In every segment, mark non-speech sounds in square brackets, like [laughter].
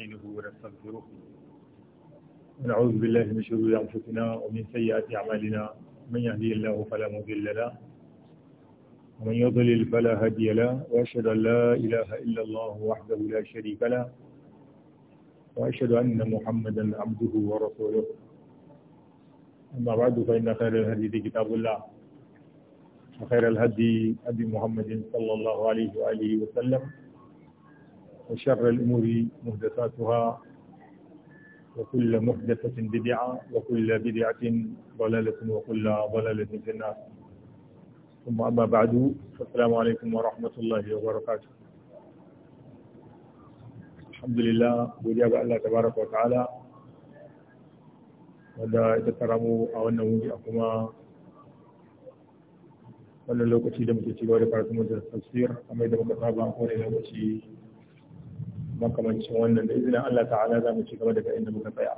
ونستعينه ونستغفره ونعوذ بالله من شرور أنفسنا ومن سيئات أعمالنا من يهدي الله فلا مضل له ومن يضلل فلا هادي له وأشهد أن لا إله إلا الله وحده لا شريك له وأشهد أن محمدا عبده ورسوله أما بعد فإن خير الهدي كتاب الله وخير الهدي ابي محمد صلى الله عليه وآله وسلم وشر الأمور مهدثاتها وكل محدثة بدعة وكل بدعة ضلالة وكل ضلالة في النار ثم أما بعد فالسلام عليكم ورحمة الله وبركاته الحمد لله وجاب الله تبارك وتعالى ودا ita karamu a wannan wuri a kuma wannan lokaci da muke cigaba da karatun da makamancin wannan da izinin Allah ta'ala za mu ci gaba daga inda muka tsaya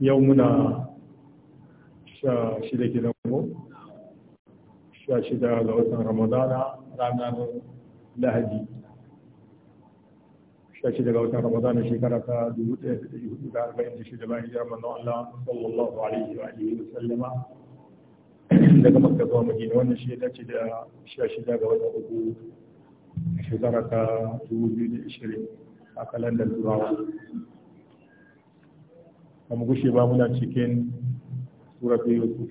yau muna sha shida gidan mu sha shida ga watan ramadana ranar lahadi sha shida ga watan ramadana shekara ta dubu ɗaya da ɗari hudu da arba'in da shida bayan jiran manzon Allah sallallahu alaihi wa alihi wa sallama daga makka zuwa madina wannan shi ya dace da sha shida ga wata uku shekara ta dubu biyu da ishirin a kalandar turawa ba mu gushe ba muna cikin sura ta yusuf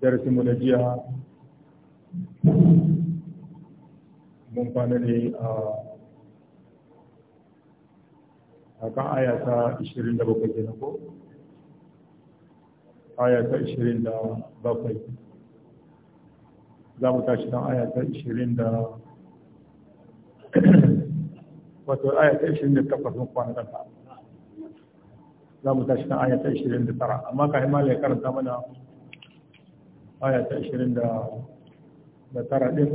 darasinmu na jiya mun kwana ne a kan aya ta bakwai kenan ko aya ta 27 za mu tashi don aya ta 20 da [clears throat] wato aya ta 28 mun kwana kanta za mu tashi don aya ta 29 amma ka himala ya karanta mana aya ta 29 din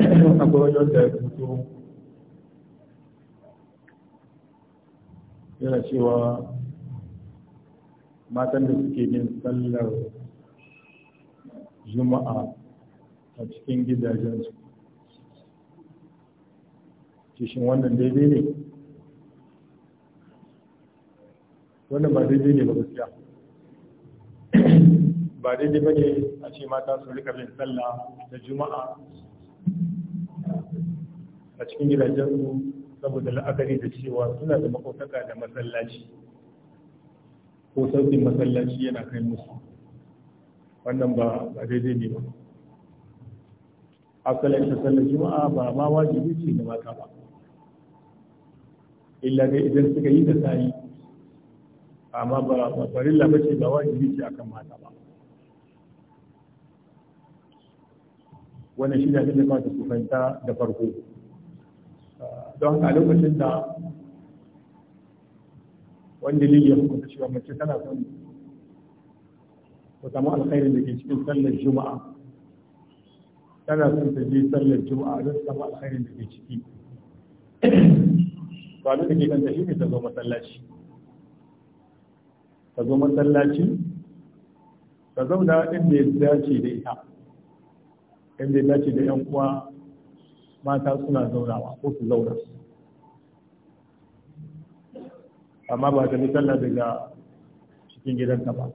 [clears throat] akwai wajen da ya fito yana cewa matan da suke yin sallar juma'a a cikin gidajensu kishin wannan daidai ne wannan ba daidai ne ba gaskiya [clears throat] ba daidai ba ne a ce mata su rika bin sallah da juma'a a cikin gidajensu saboda la'akari da cewa suna da makotaka da masallaci ko sautin masallaci yana kai musu wannan ba ba daidai ne ba A ta sallar juma'a ba ma wajibi ce ga mata ba illa dai idan suka yi da sayi amma ba ba labarci ba ce ba wajibi ce akan mata ba wannan shi ne abin da kawai da farko ah, don haka a lokacin da wani dalili ya hukunta cewa mace tana son ta samu alkhairin da ke cikin sallar juma'a tana son ta je sallar juma'a don ta samu alkhairin da ke ciki to abin da ke kan shi ne ta zo masallaci ta zo masallaci ta zauna inda ya dace da ita inda ya dace da yan uwa mata suna zaunawa ko su zauna su amma ba ta sallah daga cikin gidanta ba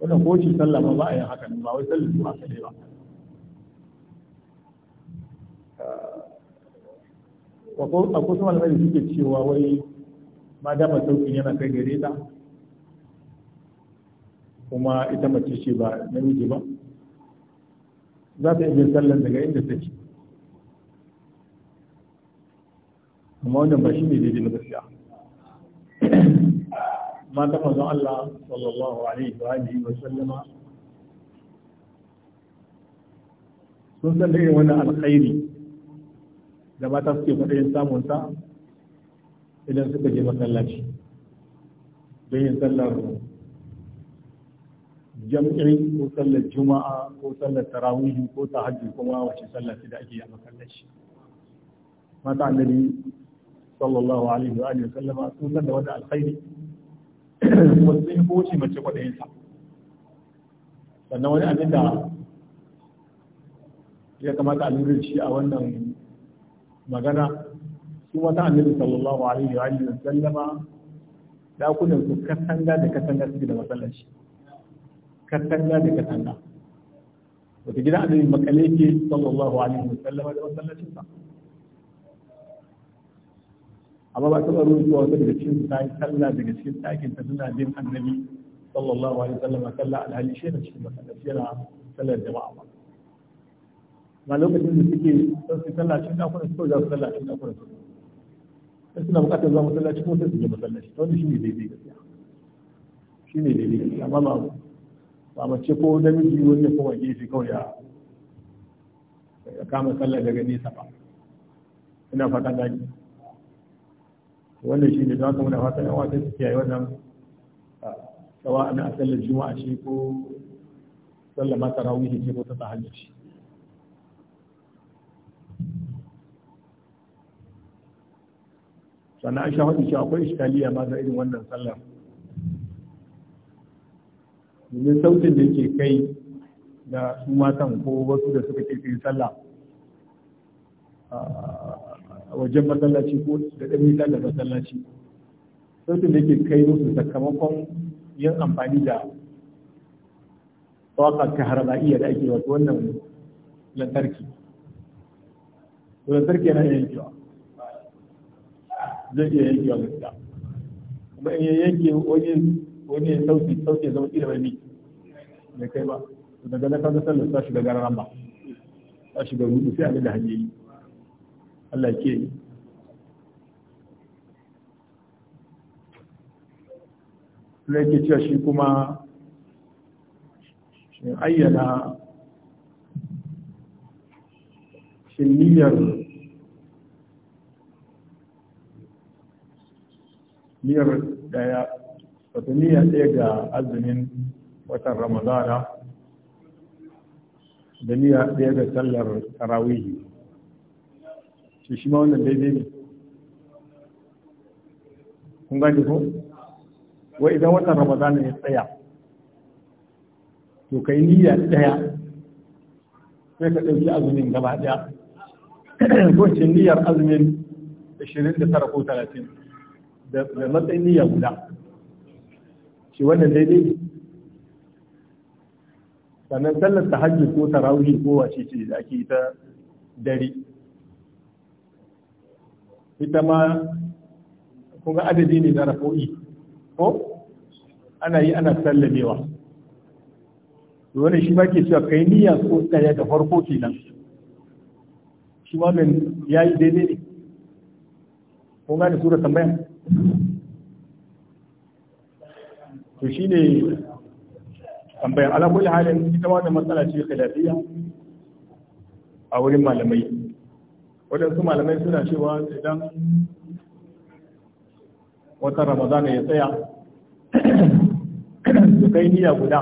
wannan ko shi sallah ba ba a yin haka ba wai sallah ba ka ba a kusa malamai suke cewa wai ma dama sauki yana kai gare ta kuma ita mace ce ba namiji ba za ta iya sallan daga inda take amma wannan ba shi ne daidai na gaskiya ما تفضل الله صلى الله عليه وآله sallama. sun san irin wani alkhairi da mata suke faɗin samunta idan suka je masallaci don yin sallar jam'in ko sallar juma'a ko sallar tarawihi ko Hajji, kuma wace sallar da ake yi a masallaci mata annabi sallallahu alaihi wa sallama sun san da wannan alkhairi wasu sun goce mace kwaɗayinsa sannan wani abin da ya kamata a shi a wannan magana su wata annabi sallallahu alaihi wa alihi sallama dakunan su katanga da katanga suke da masallaci katanga da katanga wata gidan annabi makale ke sallallahu alaihi wa sallama da masallacin sa amma ba taɓa rubuwa wata daga cikin ta kalla daga cikin ɗakin ta suna bin annabi sallallahu alaihi wasallam sallah alhali shi cikin masallaci yana sallar jama'a ba ma lokacin da suke sun su sallah cikin ɗakunan su za su sallah cikin ɗakunan su sai suna buƙatar zuwa masallaci ko sai su je masallaci to wanda shi ne daidai gaskiya shi ne daidai gaskiya amma ba ba mace ko namiji wani ko koma gefe kawai ya kama sallah daga nesa ba ina fata gani wannan shi ne zaka muna fata yawa wasan su kiyaye wannan tsawa a na a juma'a shi ko tsalla mata tarawih ce ko ta tahajjud shi sannan an sha hudu shi akwai iskaliya ma ga irin wannan sallar domin sautin da ke kai da su matan ko wasu da suka ke kai sallah a wajen masallaci ko da ɗan nisa da masallaci sautin su yake kai musu sakamakon yin amfani da waka ta harba'iyya da ake wato wannan lantarki lantarki yana iya yankewa zai iya yankewa gaskiya kuma in ya yanke wani wani ya sauke sauke zama ƙila bai miki kai ba daga na kaga sallar ta shiga gararan ba ta shiga rudu sai abin da hanyar yi Allah ke yi rage cewa shi kuma shi ayyana shi niyyar niyyar daya wata niyyar daya ga azumin watan ramadana da niyyar daya ga sallar tarawihi to shi ma wannan daidai ne kun gani ko wa idan watan ramadana ya tsaya to kai niyya tsaya sai ka ɗauki azumin gaba ɗaya ko niyyar azumin 29 ko 30 da matsayin niyya guda shi wannan daidai ne sannan sallar ta hajji ko tarawih ko wace ce da ake ta dare ita ma kuma adadi ne na rafo'i ko ana yi ana sallamewa wani shi ma ke cewa kai niyya ko tsaya da farko nan shi ma min ya yi daidai ne ko gani sura tambaya to shi ne tambaya ala halin ita ma da matsala ce khilafiyya a wurin malamai waɗansu malamai suna cewa idan watan ramadana ya tsaya [clears throat] su kai niyya guda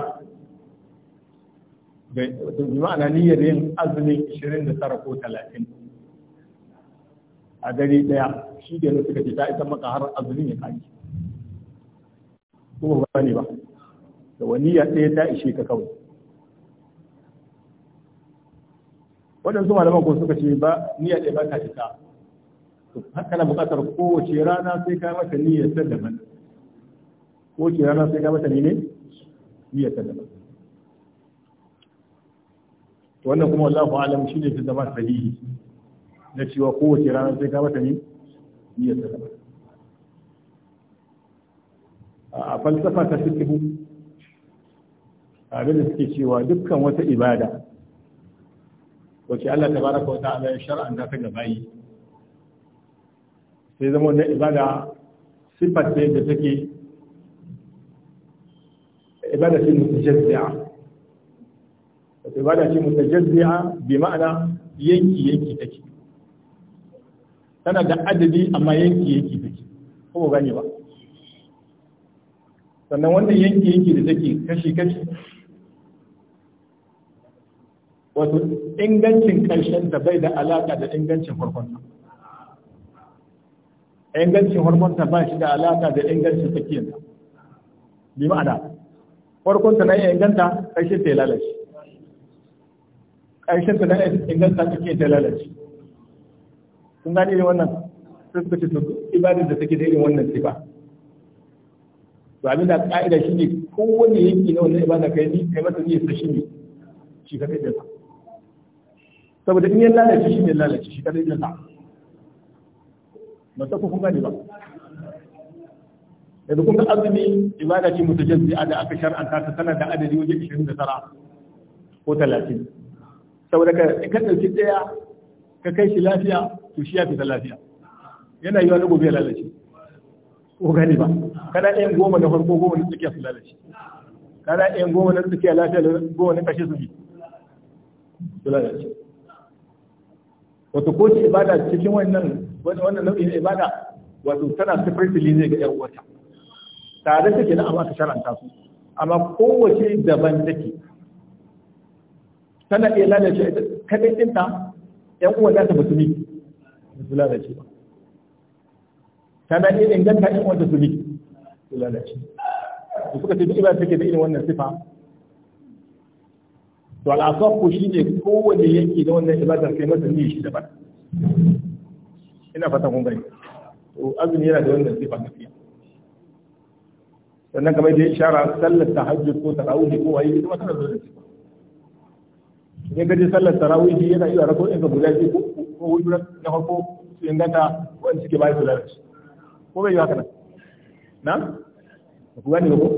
bi ma'ana niyyar yin azumin 29 ko 30 a dare daya shi da yana suka ce ta isa maka har azumin ya kaki kuma ba ne ba da wani ya tsaye ta ishe ka kawai waɗansu malaman ko suka ce ba niyya ɗaya ba ta haka na buƙatar kowace rana sai ka mata niyya ta daban kowace rana sai ka mata ne niyya ta daban to wannan kuma wallahu alam shine fi zama sahihi na cewa kowace rana sai ka mata ne niyyar ta daban a falsafa ta fikihu abin da suke cewa dukkan wata ibada wace Allah ta baraka ta ala ya shar'anta ta gaba yi sai zama wannan ibada sifar ce da take ibada ce mutajazzi'a wato ibada ce mutajazzi'a bi ma'ana yanki yanki take tana da adadi amma yanki yanki take ko gani ba sannan wannan yanki yanki da take kashi kashi wato ingancin ƙarshen da bai da alaƙa da ingancin hormonta ingancin hormonta ba shi da alaƙa da ingancin tsakiyarta bi ma'ana farkonta na iya inganta ƙarshen ta lalace ƙarshen ta na inganta tsakiyar ta lalace kun gani irin wannan sai suka to ibadar da take da irin wannan sifa to abin da ƙa'ida shine kowanne yanki na wannan ibada kai ni kai masa niyyar sa shine shi kai da ta. saboda in yin lalace shi ne lalace shi kadai da ba ta kun gani ba yanzu kuma ga azumi ibada ce mutajazzi'a da aka shar'anta ta sanar da adadi waje 29 ko 30 saboda ka ka dauki daya ka kai shi lafiya to shi ya fita lafiya yana yiwa na gobe ya lalace ko gani ba kana ɗayan goma na farko goma na tsakiya su lalace kana ɗayan goma na tsakiya lafiya goma na ƙashe su bi su lalace wato ko ce ibada cikin wannan wannan nau'in ibada wato tana separately ne ga 'yan uwata tare take na amma ta sharanta su amma kowace daban take tana iya lalace ita kadai ɗinta 'yan uwan nata ba su ne ba su lalace ba tana iya inganta 'yan uwa ta su ne su lalace da suka ce duk ibada take da irin wannan sifa to al'asafu shi ne kowane yanki da wannan ibadar kai masa ne shi daban ina fata kun gani to azumi yana da wannan sifa gaskiya sannan kamar da ya shara sallar tahajjud ko tarawih ko ayi ita wata da wannan sifa idan ka je sallar tarawih yana iya rako in ka guda shi ko ko wuri na farko in gata wani suke bayan su lalace ko bai yi haka nan na ku gani ko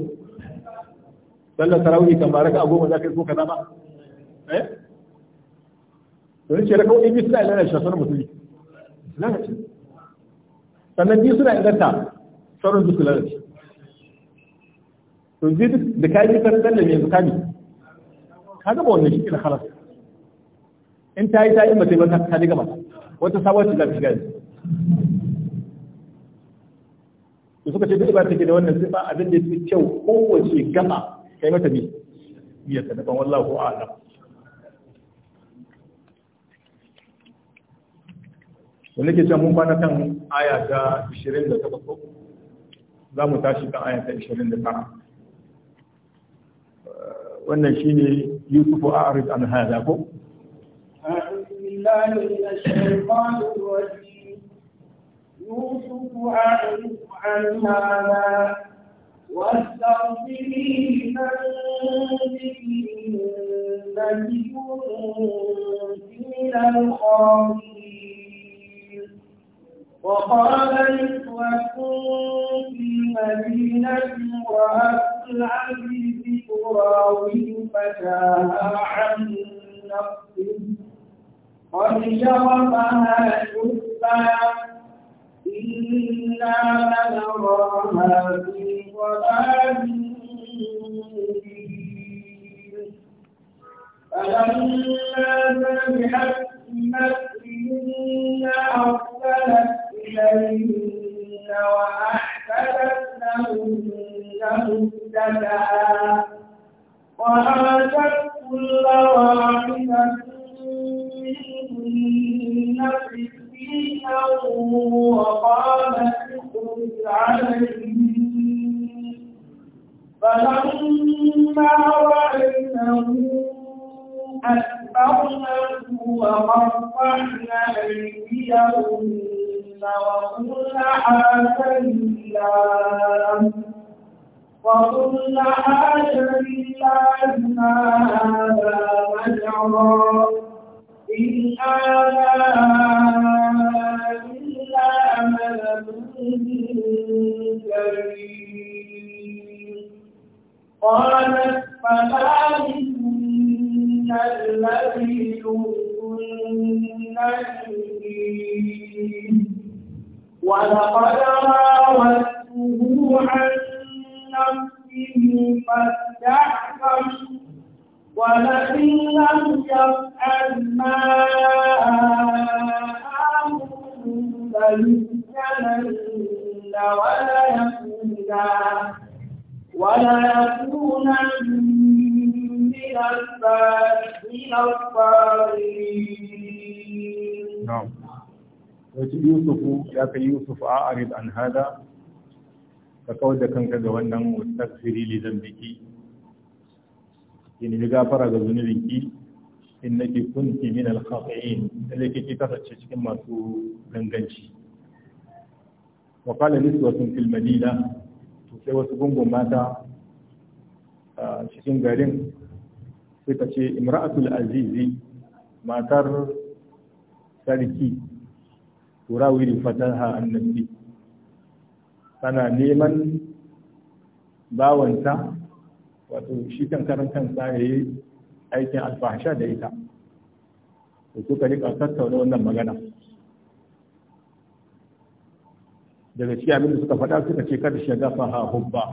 sallar tarawih kan baraka a goma za ka yi ko kaza ba eh to ne ce rakau ibi suna ilana shasar musulmi lalace sannan biyu suna inganta sauran duk lalace to zai duk da kayi kan tsalle mai ne. ka gaba wannan shi na halas in ta yi ta yi mace ba ta ji gaba wata sabuwar shiga shiga ne da suka ce duk ba take da wannan sifa abin da ya fi kyau kowace gaba kai mata bi biya sadakan wallahu a'lam wanda ke can mun kwana kan aya ta 28 za mu tashi kan aya ta 29 wannan shi ne yusufu a arif an hada ko يوسف أعرف عن هذا واستغفري لذنبك وقال نسوة في المدينة وأسلع به تراوي فتاها عن نفسه قد شغفها حبا إنا لنراها في ضلال مبين فلما سمعت بمكرهن أرسلت إليهن وأحسنت لهن مبتدأ وآتت كل واحدة منهن سكينا وقالت اخرج عليهن فلما رأيناه أكبرنه وقطعن أيديهن وكل حاسبنا وكل حاسبنا هذا مجرى إن هذا إلا ملك كريم قالت فذلكن الذي يؤتن فيه ولقد راودته عن نفسه فاستعفف ولئن لم يفعل ما آمره ليسجنن وليكونا وليكونا من الصالحين نعم wace yusufu ya kai yusuf a arid an hada ka kawar da kanka ga wannan wasafiri li zambiki yin nemi gafara ga zunubinki in nake kunti min al-khati'in lalle ki kasance cikin masu ganganci wa qala niswatun fil madina to sai wasu gungun mata a cikin garin sai ta ce imra'atul azizi matar sarki fatan fataha annabi tana neman bawanta wato shi kan karan kansa ya yi aikin alfahasha da ita da suka rika tattauna wannan magana daga cikin abin da suka faɗa suka ce kada shiga faha hubba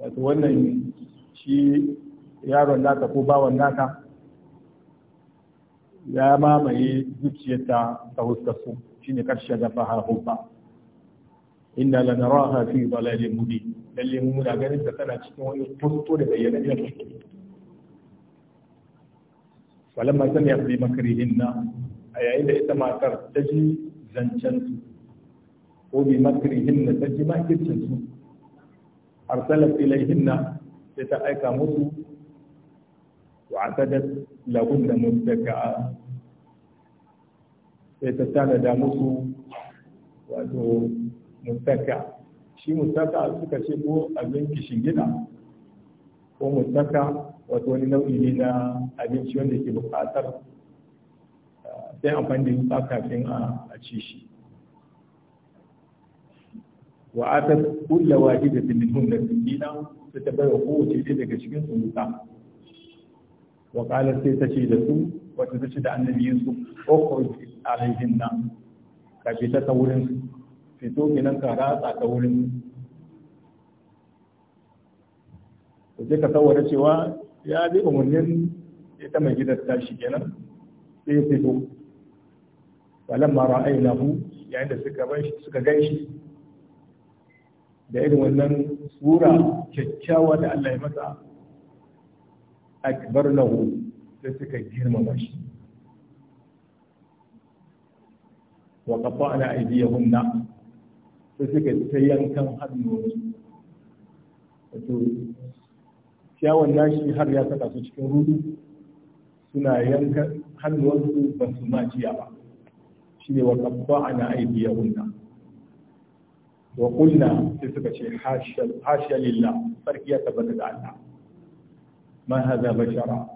wato wannan shi yaron naka ko bawan naka ya mamaye zuciyarta ta huskar shi shine karshe da fahar la na raha fi dalalin mudi lalle mu muna ganin ta tana cikin wani furto da bayyana da falamma sami ya fi na a yayin da ita matar ta ji zancen su ko bi na ta ji makircin su arsalat na sai ta aika musu wa lahunna mudda'a sai ta tanada musu wato mutaka shi mutaka suka ce ko abin kishin gida ko mutaka wato wani nau'i ne na abinci wanda ke buƙatar sai amfani da yutsa kafin a ci shi wa da kulla da minhum su ta tabbawa kowace ɗaya daga cikin su wa qala sai ta ce da su wata ta ce da annabi yusuf ukhruj alaihinna ka fita ta wurin su fito kenan ka ratsa ta wurin su sai ka saurara cewa ya bi umarnin ita mai gidan tashi kenan sai ya fito falamma ra'aynahu yayin da suka suka ganshi da irin wannan sura kyakkyawa da Allah ya masa akbar lahu sai suka girmama shi wa qata'na aydiyahunna sai suka ta yankan hannu wato ciyawan nashi har ya saka su cikin rudu suna yanka hannuwansu ba su ma ciya ba shi ne wa qatta'na aydiyahunna wa qulna sai suka ce hasha lillah sarki ya tabbata da Allah ma haza bashara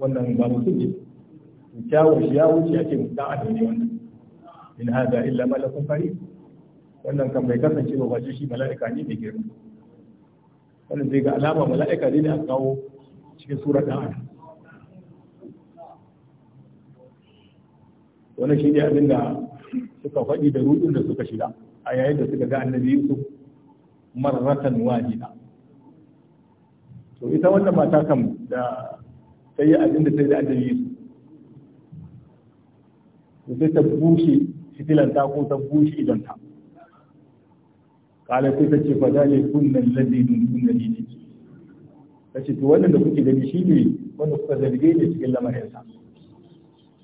wannan ba mutum ne kyawun shi ya wuce ake mutum adam ne wannan in haza illa malakun kari wannan kan bai kasance ba wace shi mala'ika ne mai girma wannan zai ga alama mala'ika ne da aka kawo cikin surar ɗan adam wannan shi ne abin da suka faɗi da rudin da suka shiga a yayin da suka ga annabi yusuf marratan wahida to ita wannan mata kam da ta yi abin da ta yi da annabi su sai ta bushe fitilanta ko ta bushe idonta kala sai ta ce fa zale kunnan ladhi nunna ni ta ce to wannan da kuke gani shi ne wanda kuka zarge ne cikin lamarinsa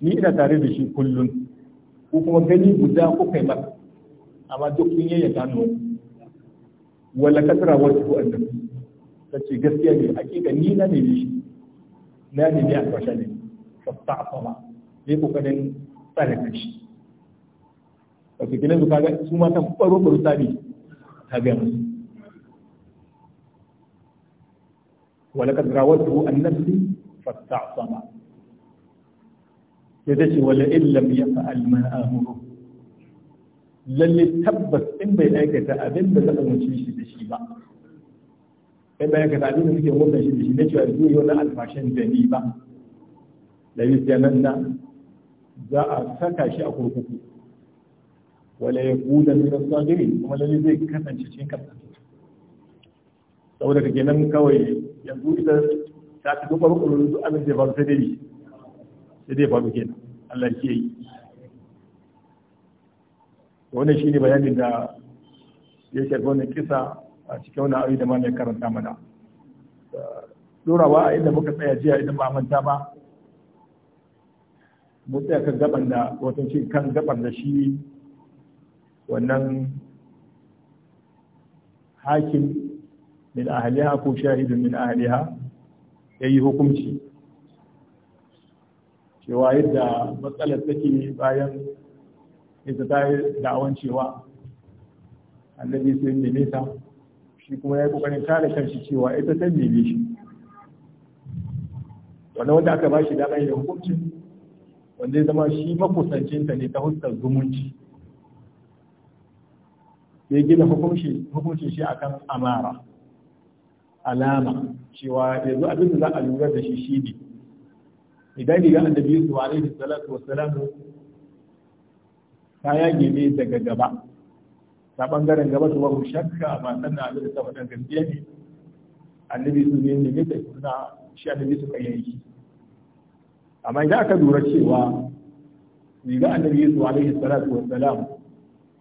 ni ina tare da shi kullum ko kuma gani guda ko kai masa amma duk kun yayyanka hannu wala kasra wasu annabi ta ce gaskiya ne hakika ni na nemi shi na nemi kwashe ne fasta asama ne yi kokarin tsare kan shi wato gidan su kaga su matan baro baro sabi ta gaya musu ولقد راودته عن نفسي فاستعصم يدشي ولئن لم يفعل ما amuru lalle tabbas in bai aikata abin da ta umarci shi da shi ba sai bayan ka sami da suke wannan shi shi na cewa zuwa yau na alfashin da ni ba da yi nan na za a saka shi a kurkuku wala ya kuda min as-sagirin kuma lalle zai kasance cikin kasa saboda kake nan kawai yanzu ita ta ci gaba rukunin su abin da faru sai dai sai dai faru kenan Allah ke yi wannan shine bayanin da ya shafi wannan kisa a cikin wani ayoyi da ma mai karanta mana dorawa a inda muka tsaya jiya idan ba manta ba mu tsaya kan gaban da wato kan gaban da shi wannan hakim min ahliha ko shahidun min ahliha yayi hukunci cewa yadda matsalar take bayan ita ta yi da'awan cewa annabi sai ne ta. shi kuma ya yi kokarin kare kanshi cewa ita ta neme shi wanda wanda aka bashi dama da hukunci wanda ya zama shi ta ne ta huskar zumunci ya gina hukunci shi akan amara alama cewa yanzu abin da za a lura da shi shi ne idan riga annabi su alaihi salatu wassalamu ta yage ne daga gaba ta bangaren gaba su babu shakka ba sannan abin da ta faɗa gaskiya ne annabi su ne ne da suna shi annabi su kai yi. amma idan aka lura cewa ga annabi Yusuf alaihi salatu wa salam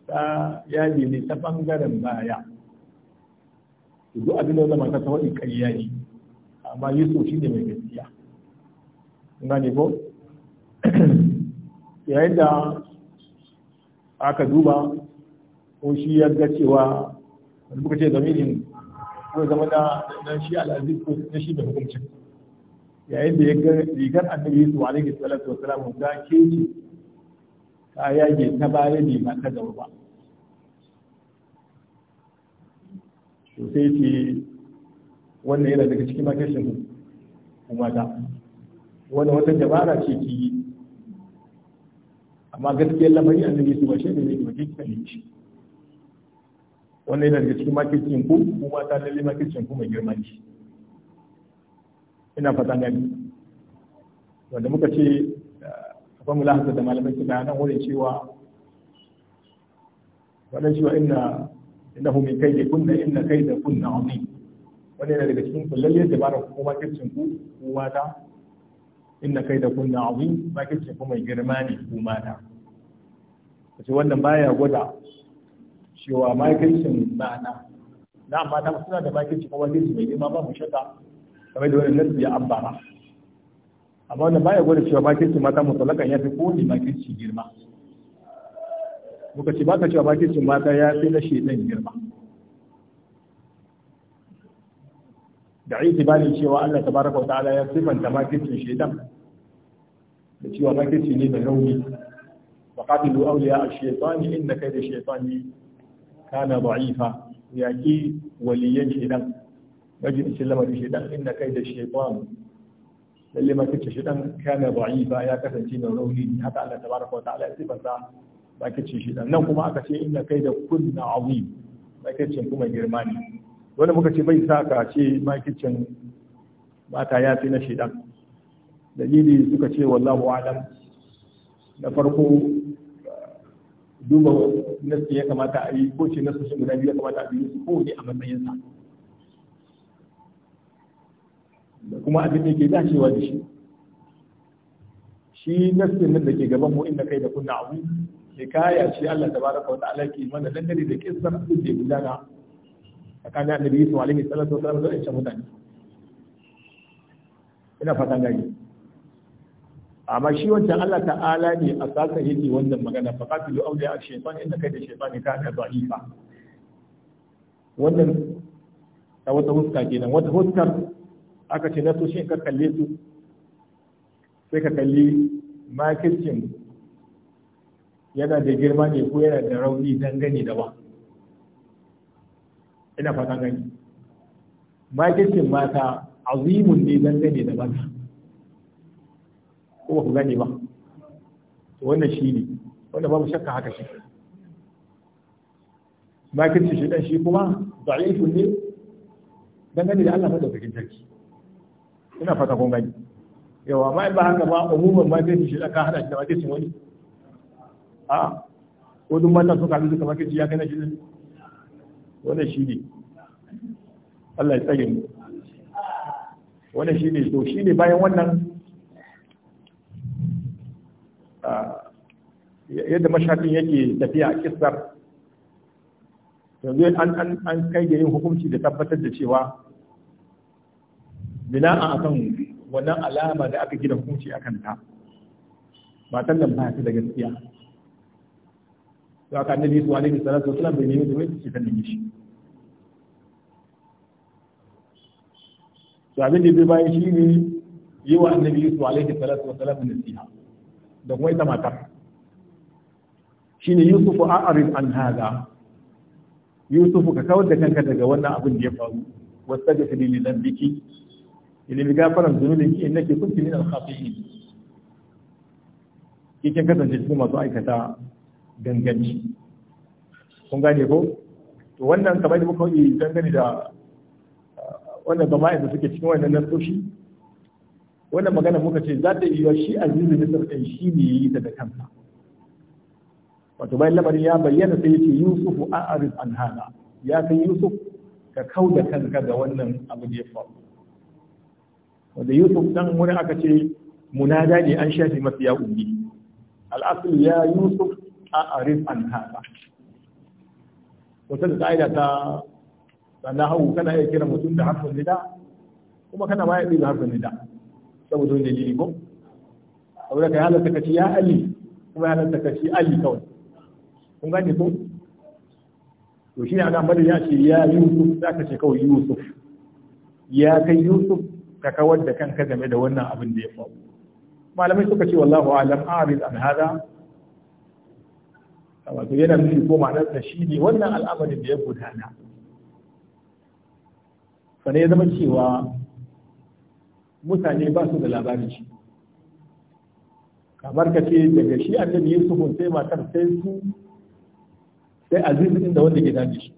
ta yaji ne ta bangaren baya duk abin da zama ta tawai kariya ne amma Yusuf shi ne mai gaskiya gane ko yayin da aka duba ko shi ya ga cewa wani muka ce zamirin ko zama na na shi al'aziz ko na shi da hukuncin yayin da ya ga rigar annabi yusuf alaihi salatu wassalam ta kece ta yage ta baya ne ba ta gaba ba to sai ce wannan yana daga cikin makashin kuma da wani wata dabara ce ki amma gaskiyar lamari annabi su ba shi ne zai ba ki kan shi wannan yana daga cikin makircin ku ku ta lalle makircin ku mai girma ne ina fata gani wanda muka ce akwai mulahasa da malamai suna nan wurin cewa wannan cewa inna innahu min kaidi kunna inna kaida kunna azim wannan yana daga cikin kullalle dabarar ku makircin ku ku ta inna kaida kunna azim makircin ku mai girma ne kuma ta. kace wannan baya gwada cewa makircin ma'ana na amma ta suna da makirci kuma su mai girma ba mu shaka game da wani nasu ya ambara amma wanda baya gwada cewa makircin mata mutalakan ya fi kowane makirci girma muka ce baka cewa makircin mata ya fi na shaidan girma da ne cewa Allah baraka wata ta'ala ya sifanta makircin shaidan da cewa makirci ne da rauni wa qatilu awliya ash-shaytani inna kayda ash-shaytani kana da'ifa ya ki waliyan shedan majalisin lamarin shedan inda kai da shaytan lalle ma kace dan? kana da'ifa ya kasance mai rauni haka Allah tabaraka wa ta'ala ya sifanta ba kace dan? nan kuma aka ce inda kai da kunna azim ba kace kuma girma ne wanda muka ce bai sa ka ce kace mata ya fi na dan. dalili suka ce wallahu alam na farko duba nasu ya kamata a yi ko ce nasu sun guda biyu ya kamata a biyu su ne a sa da kuma abin da ke dacewa da shi shi nasu nan da ke gaban mu inda kai da kunna abu kaya shi Allah baraka wa ta'ala ke mana dangane da kissar abin da ya gudana tsakanin annabi Yusuf alaihi salatu wa salam da aisha mutane ina fatan gani amma shi wancan Allah ta'ala ne a saka yake wannan magana fa qatilu awliya ash-shaytan inna kayda shaytani kana da'ifa wannan ta wata huska kenan wata huskar aka ce na so shi ka kalle su sai ka kalli makircin yana da girma ne ko yana da rauni dangane da ba, ina fatan gani makircin mata azimun ne dangane da mata ko ba ku gane ba wannan shi ne wanda babu shakka haka shi makirci shi dan shi kuma da'ifu ne dangane da Allah madaukakin sarki ina fata kun gani yawa amma in ba haka ba umuman makirci shi dan ka hada shi da makircin wani a ko duk mata suka haɗu suka makirci ya gane shi ne wannan shi ne Allah ya tsare mu wannan shi ne to shi ne bayan wannan yadda mashafin yake tafiya a kissar yanzu an kai da yin hukunci da tabbatar da cewa bina a akan wannan alama da aka gina hukunci a kanta matan nan ba da gaskiya za ka nabi su alaihi salatu wasallam bai nemi da wani ce ta shi to abin da bai bayan shi ne yi wa annabi su alaihi salatu wasallam nasiha da kuma ita matar shine yusufu a'rid an haga yusufu ka kawar da kanka daga wannan abin da ya faru wastaghfir li dhanbiki idan bi gafaran zunubinki innaki kunti min al ne. kike kasance cikin masu aikata ganganci kun gane ko to wannan kamar da muka yi dangane da uh, wannan jama'a da suke cikin wannan nasoshi wannan magana muka ce za ta yi wa shi azizu misal ɗin shi ne ya yi ta da kansa wato bayan lamarin ya bayyana sai yace yusufu a'rif an hada ya kai yusuf ka kau da kanka ga wannan abu da ya faru wanda yusuf dan wani aka ce munada ne an shafi masa ya ummi al'asul ya yusuf a a'rif an hada wata da ka'ida ta sannan hau kana iya kira mutum da harfin nida kuma kana ma iya da harfin nida saboda wani dalili ko abu da kai halatta ka ci ya ali kuma ya halatta ka ci ali kawai kun gane ko to shi ne ana bada ya ce ya yusuf za ka ce kawai yusuf ya kai yusuf ka kawar da kanka game da wannan abin da ya faru malamai suka ce wallahu alam arid an hada wato yana nufi ko ma'anarsa shi ne wannan al'amarin da ya gudana sannan ya zama cewa mutane ba su da labarin shi kamar ka ce daga shi annabi yusuf sai matar sai su sai aziz inda wanda ke dace shi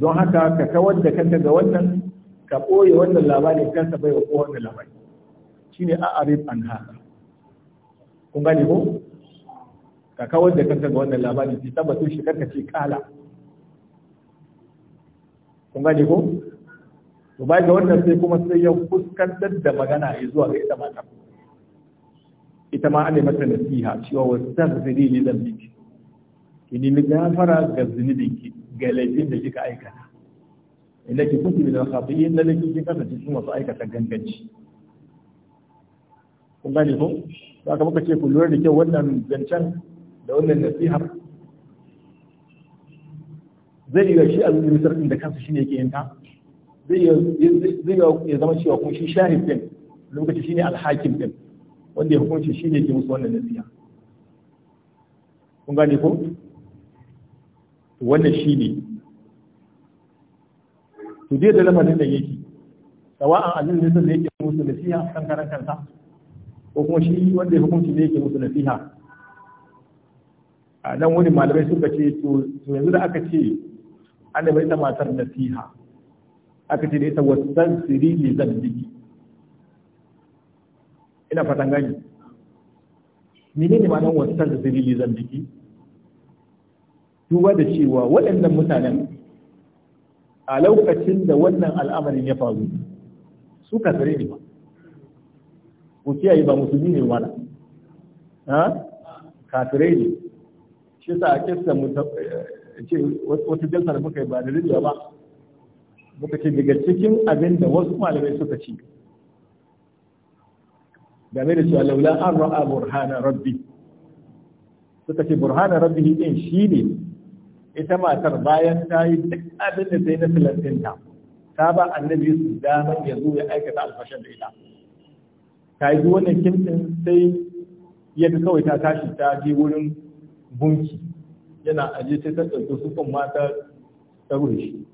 don haka ka kawar da kanka ga wannan ka ɓoye wannan labarin kansa bai wa kowanne labari shine a arif an haka kun gane ko ka kawar da kanka ga wannan labarin sai tabbatar shi karka ce kala kun gane ko to bai ga wannan sai kuma sai ya fuskantar da magana ya zuwa ga ita mata ita ma an yi mata nasiha cewa wasu ta ziri ne biki ini ni gafara ga zunubinki ga laifin da kika aikata inda ki kunti min al-khati'in da laki kin kasance cikin wasu aikata ganganci kun gane ko za ka muka ce ku lura da kyau wannan zancen da wannan nasiha. zai yi shi a zuwa sarkin da kansa shine yake yanka. zai ya zama cewa kuma shi shahid din lokaci shine alhakim din wanda ya hukunci shine yake musu wannan nasiha kun gane ko wannan shi ne to dai da lamarin da yake sawa'an aziz ne da yake musu nasiha kan karan kansa ko kuma shi wanda ya hukunci da yake musu nasiha a nan wani malamai suka ce to yanzu da aka ce an da ita matar nasiha aka ce da ita wasan siri ne zan jiki. ina fatan gani ma ma'anar wasan siri ne zan jiki? duba da cewa waɗannan mutanen a lokacin da wannan al'amarin ya faru su kasare ne ba ku kiyaye ba musulmi ne wala ha kafirai ne shi sa a kisa mu eh, ce wata jalsa muka yi ba da rijiya ba muka ce daga cikin abin da wasu malamai suka ci game da cewa laula an ra'a burhana rabbi suka ce burhana rabbi din shi ne ita matar bayan ta yi duk abin da zai na filantinta ta ba annabi su damar ya zo ya aikata alfashin da ita ta yi wannan kimtin sai ya fi kawai ta tashi ta je wurin bunki yana aje sai ta ɗauki sufan mata ta rufe shi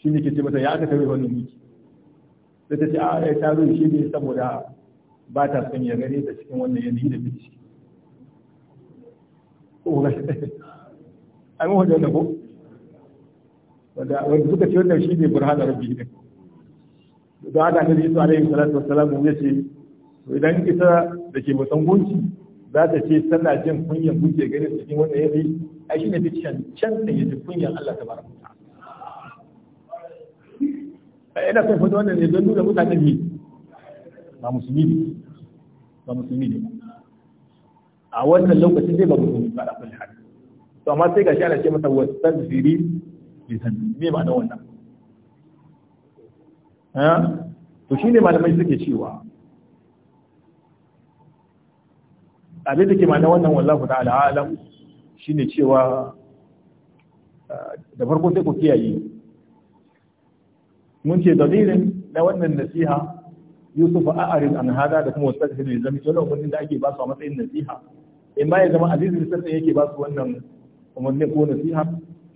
shi ne ke ce mata ya aka tare wannan gunki sai ta ce a ya ta shi ne saboda ba ta son ya gane ta cikin wannan yanayi da take A mun hujjar da ko wanda suka ce wannan shi shine burhan rabbi ne da haka ne Yesu alaihi salatu wassalam ya ce idan ita da ke mutan gunki za ta ce tana jin kunyan gunki ganin cikin wannan yayi ai shine ta can da yaji kunyan Allah tabaraka ta'ala ina son fito wannan ne don nuna mutane ne ba musulmi ne ba musulmi ne a wannan lokacin zai ba mu ba da kullu hali to amma sai shi ana ce masa wastaghfiri li dhanbi me ma'ana wannan ha to shine malamai suke cewa abin da ke ma'ana wannan wallahu ta'ala alam shine cewa ah, da farko sai ku kiyaye mun ce dalilin na wannan nasiha Yusuf a'arid an hada da kuma wasu da zami to lokacin da ake ba su a matsayin nasiha in ma ya zama azizul sassan yake ba su wannan umarni ko nasiha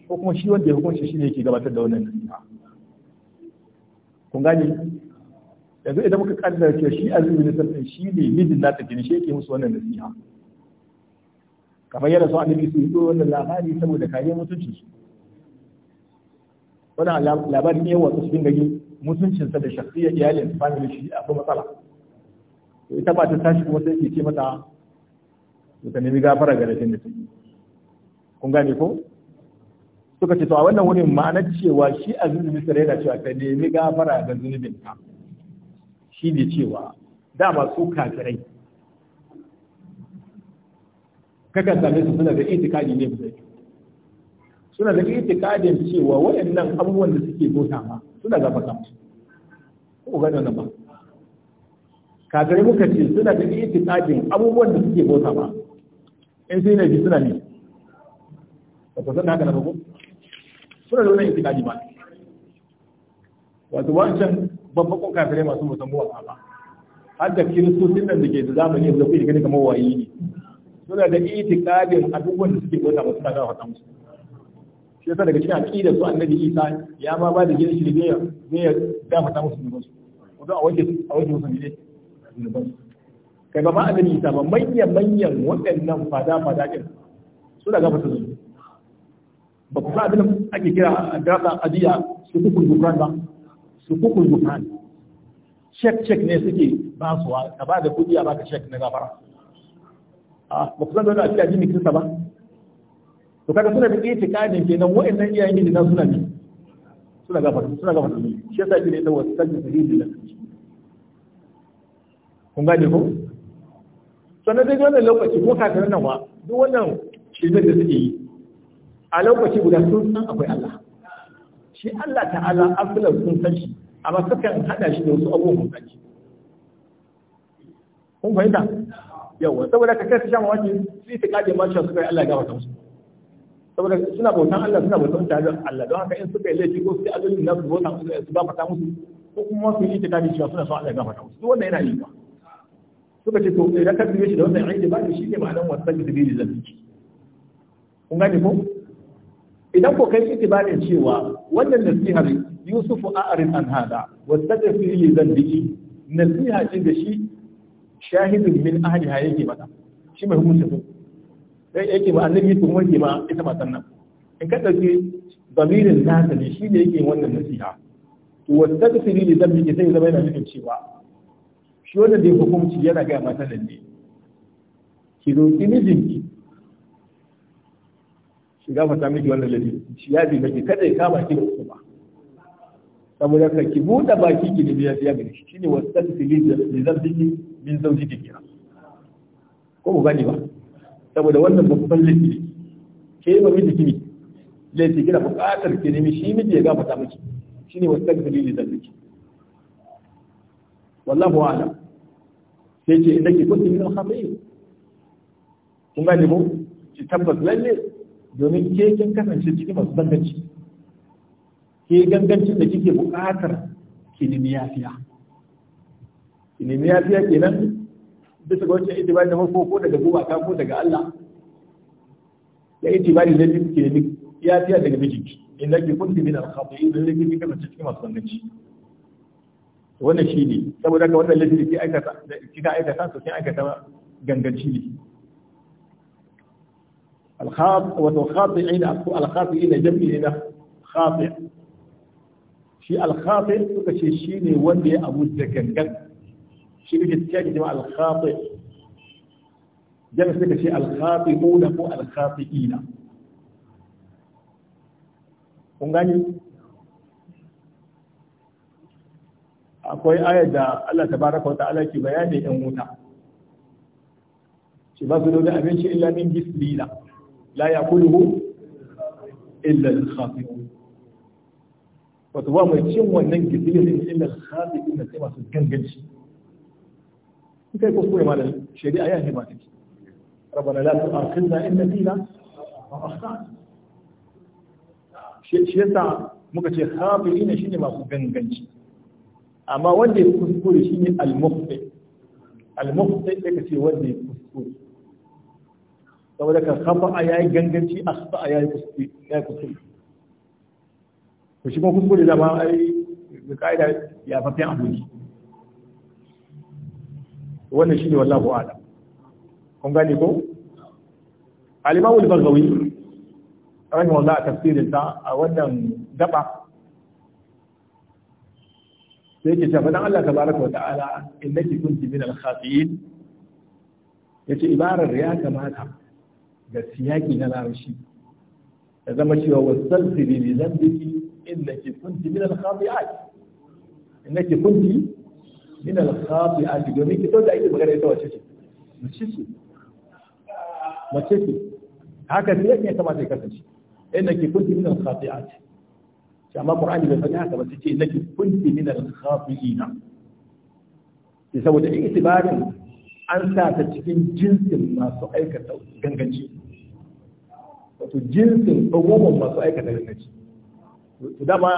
ko kuma shi wanda ya hukunci shi ne yake gabatar da wannan nasiha kun gane yanzu idan muka kallar cewa shi azumi na sassan shi ne mijin nata gini shi yake musu wannan nasiha kamar yadda a annabi su yi wannan labari saboda kariyar mutuncin su wannan labarin ne wasu dinga yi mutuncinsa da shakhsiyar iyalin family shi akwai matsala ita ba ta tashi kuma sai ke ce mata to ta nemi gafara ga rashin kun gane ko suka ce to a wannan wurin ma'anar cewa shi zunubi misra yana cewa ta nemi gafara ga zunubin ka shi ne cewa dama su kafirai kakan same su suna da itikadi ne ba suna da itikadin cewa waɗannan abubuwan da suke bauta ma suna gaba kan ko ga nan ba kafirai muka ce suna da itikadin abubuwan da suke bauta ma in sai na ji suna ne ba ku san haka na ko suna da wani itikadi ba wato wancan babbakon kafirai masu musamman wa ba har da kiristocin nan da ke da zamani yanzu kuke gani kamar wayi ne suna da itikadin abubuwan da suke bauta masu tsada wa musu shi yasa daga cikin aqidar su annabi Isa ya ma ba da gidan shi ne ya ne ya dafa ta musu zunubansu wato a wajen a wajen musu ne su kai ba a annabi isa ba manyan manyan waɗannan fada fada din su da gaba su ba ku sa abin da ake kira a dasa ajiya su kukul gufran ba su kukul gufran shek shek ne suke ba su ka ba da kuɗi a baka shek na gafara ba ku san da wani abin da jini kirista ba to kaga suna da itikadin kenan waɗannan iyayen gidi na suna ne suna gafar suna gafar shi yasa shi ne da wasu kalmi sahihi da kun gane ko sannan daidai wannan lokaci ko kafin nan ba duk wannan shirme da suke yi a lokaci guda sun san akwai Allah shi Allah ta'ala asalar sun san shi amma sukan hada shi da wasu abubuwan kanci kun fahimta yawa saboda ka kai su sha mamaki su yi tikaje ma shi suka yi Allah ya gafarta musu saboda suna bautan Allah suna bautan tare Allah don haka in suka yi laifi ko su yi azalin na su bautan su gafarta musu ko kuma su yi tikaje shi suna son Allah ya gafarta musu duk wanda yana yi ba suka ce to idan ka dube shi da wannan aiki ba shi ne ma'anar wasan sibili zalunci kun gane ko idan ko kai itibarin cewa wannan nasiha ne Yusuf arin an hada wastaghfir li dhanbi nasiha ce da shi shahidun min ahliha yake mata shi mai hukunci sai yake ba annabi tun wanke ma ita matan sannan in ka dauki zamirin nasa ne shi ne yake wannan nasiha da li dhanbi sai zama yana cikin cewa shi wanda da hukunci yana ga mata da ne ki roki mijinki ga gafarta miki wannan ladi shi ya bi miki kada ya kama ki da saboda ka ki buɗe baki ki da biya biya gare shi ne shine wasalsili da zambiki min ki kira ko ba gani ba saboda wannan babban laifi ke yi mami jiki laifi kina buƙatar ki nemi shi miji ya gafarta miki shine wasalsili da zambiki wallahu ala sai ce inda ke kunti min al-khati'in kun gane ko ki tabbas lalle domin ke kin kasance cikin masu banganci, ke gangancin da kike buƙatar ki nemi yafiya ki nemi yafiya kenan bisa ga wancan itibari na farko ko daga gumaka ko daga Allah da itibari da kike nemi yafiya daga mijinki inda ke kunti min al-khati'in lalle kike kasance cikin masu bangaci wannan shi ne saboda ga wannan laifin da kika aikata to kin aikata ganganci ne الخاطئ والخاطئين أكو خاطئ شيء الخاطئ شيء أبو شيء جماعة الخاطئ الخاطئون أو الخاطئين akwai ayar da Allah ta baraka wa ala ke bayani ɗan wuta ce ba su dole abinci illa min gislila la ya yakuluhu illa al-khati'un wato ba mai cin wannan ne illa al na da sai masu ganganci kai ko kuma da shari'a ya ne ba take ربنا لا تؤاخذنا إن نسينا وأخطأنا shi yasa muka ce shi shine masu ganganci amma wanda ya kuskure shi ne al-mufti al-mufti da kace wanda ya kuskure saboda ka kafa a ganganci a kafa a kuskure ya kuskure to shi ba kuskure da ba ai da kaida ya fafiyan abu ne wannan shi ne wallahu a'lam kun gane ko al-imam al-baghawi rahimahullah tafsirin ta a wannan gaba sai ke shafa dan Allah tabaraka wa ta'ala innaki kunti min al-khati'in yace ibarar ya kamata ga siyaki na larushi. ya zama cewa wasalsili bi dhanbiki innaki kunti min al-khati'at innaki kunti min al-khati'at domin ki to da ake magana ita wace ce mace ce mace ce haka siyaki ya kamata ya kasance innaki kunti min al-khati'at amma qur'ani bai faɗi haka ba sai ce laki kunti min al-khafiina sai saboda in itibarin an sa ta cikin jinsin masu aikata ganganci wato jinsin ɗagogon masu aikata ganganci to dama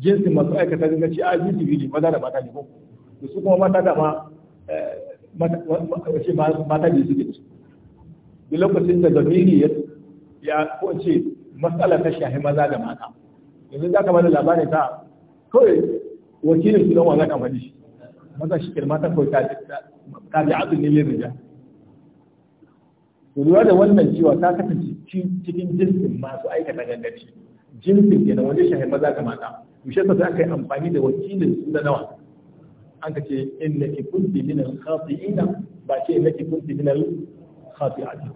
jinsin masu aikata ganganci a jinsi biyu maza da mata ne ko da su kuma mata dama eh, wace mata ne suke da su duk lokacin da zamiri ya ko ce matsala ta shahi maza da mata yanzu za ka bada labarin ta kawai wakilin su don wa za ka faɗi shi maza shi kirma ta kawai kaji abin ne rija to lura da wannan cewa ta kasance cikin jinsin masu aikata gangaci jinsin kenan wanda shahar maza ka mata yushe ta aka yi amfani da wakilin su da nawa an ka ce inna ki kunti min al-khati'ina ba ce inna ki kunti min al-khati'ati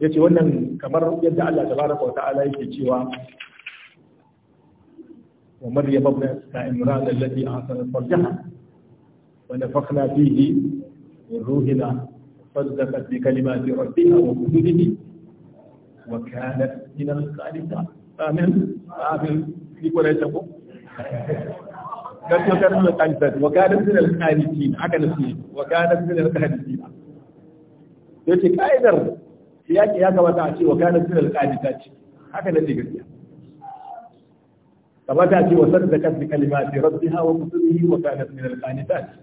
yace wannan kamar yadda Allah ta tabaraka wa ta'ala yake cewa ومريم ابنة عمران التي أحسنت فرجها ونفخنا فيه من روحنا صدقت بكلمات ربها وكتبه وكانت من القانتات آمين آمين يقول لكم كانت وكانت من القانتات وكانت من القانتين هكذا وكانت من القانتين يقول ka'idar ya ya kamata a ce wa kana sirr qadita ce haka ne gaskiya ta ce wa saddaka bi kalimati rabbiha wa kutubihi wa kanat min al-qanitat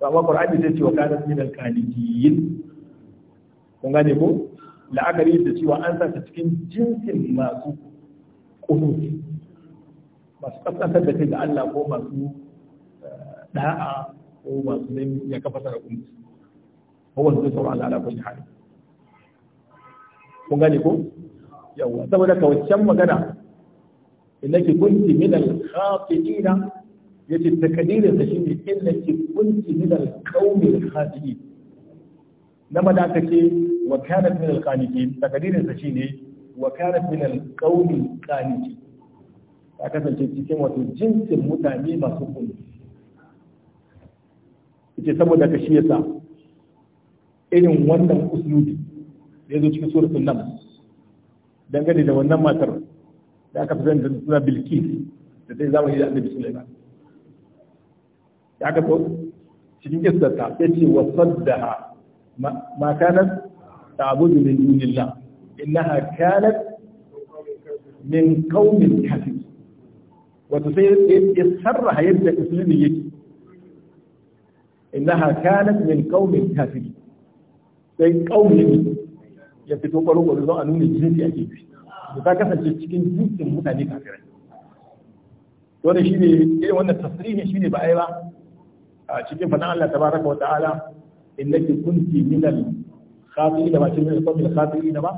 to amma qur'ani sai ce wa kanat min al-qanitin kun gane ko la'akari da cewa an sa ta cikin jinsin masu kunuti masu kaskantar da kai da Allah ko masu eh, da'a ko masu neman ya kafa sana kunuti ko wanda zai sauran al'ada kulli hali kun gane ko yawa saboda ka magana innaki kunti min al-khati'ina yace takdirin sa shine innaki kunti min al-qaumi al-khati'in na da ce wa kanat min al-qanitin takdirin sa shine wa kanat min al-qaumi al-qanitin ta kasance cikin wato jinsin mutane masu kunu yace saboda ka shi yasa irin wannan uslubi da yazo cikin suratul nam dangane da wannan matar ذاك فزن ما بالكيف تدي زاو هي النبي سليمان ذاك فوق سجن جسدتا تتي وصدها ما ما كانت تعبد من دون الله انها كانت من قوم كافر وتصير يسر يبدا اسلامي انها كانت من قوم كافر من قوم يبدو قلوب ورزاء نوني جنسي اجيبش to ta kasance cikin jinsin mutane kafirai wannan shine irin wannan shi ne ba yi ba a cikin fadan Allah ta baraka wa ta'ala innaki kunti min al khati'in ba cikin al qabil khati'in ba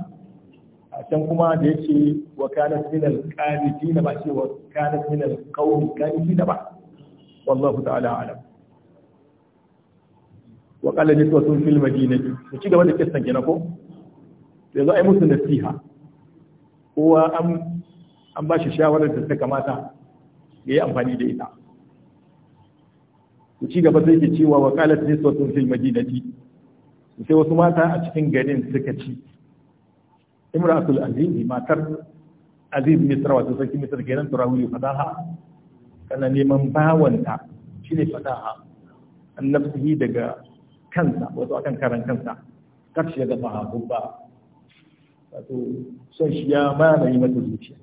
a can kuma da ya ce wa kanat min al qanitin ba ce wa kanat min al qawmi qanitin ba wallahu ta'ala alam wa qala niswatun fil madinati ci gaba da kissan kenan ko yanzu ai musu nasiha kowa an ba shi shawarar da ta kamata ya yi amfani da ita ku ci gaba sai ke cewa wa nisa wasu fil madinati sai wasu mata a cikin garin suka ci imratul aziz matar aziz misra wato sarki misra kenan turawiyu fadaha kana neman bawanta shine fadaha annafsihi daga kansa wato akan karan kansa Kar shi ya daga ba. wato son shi ya mamaye mata zuciya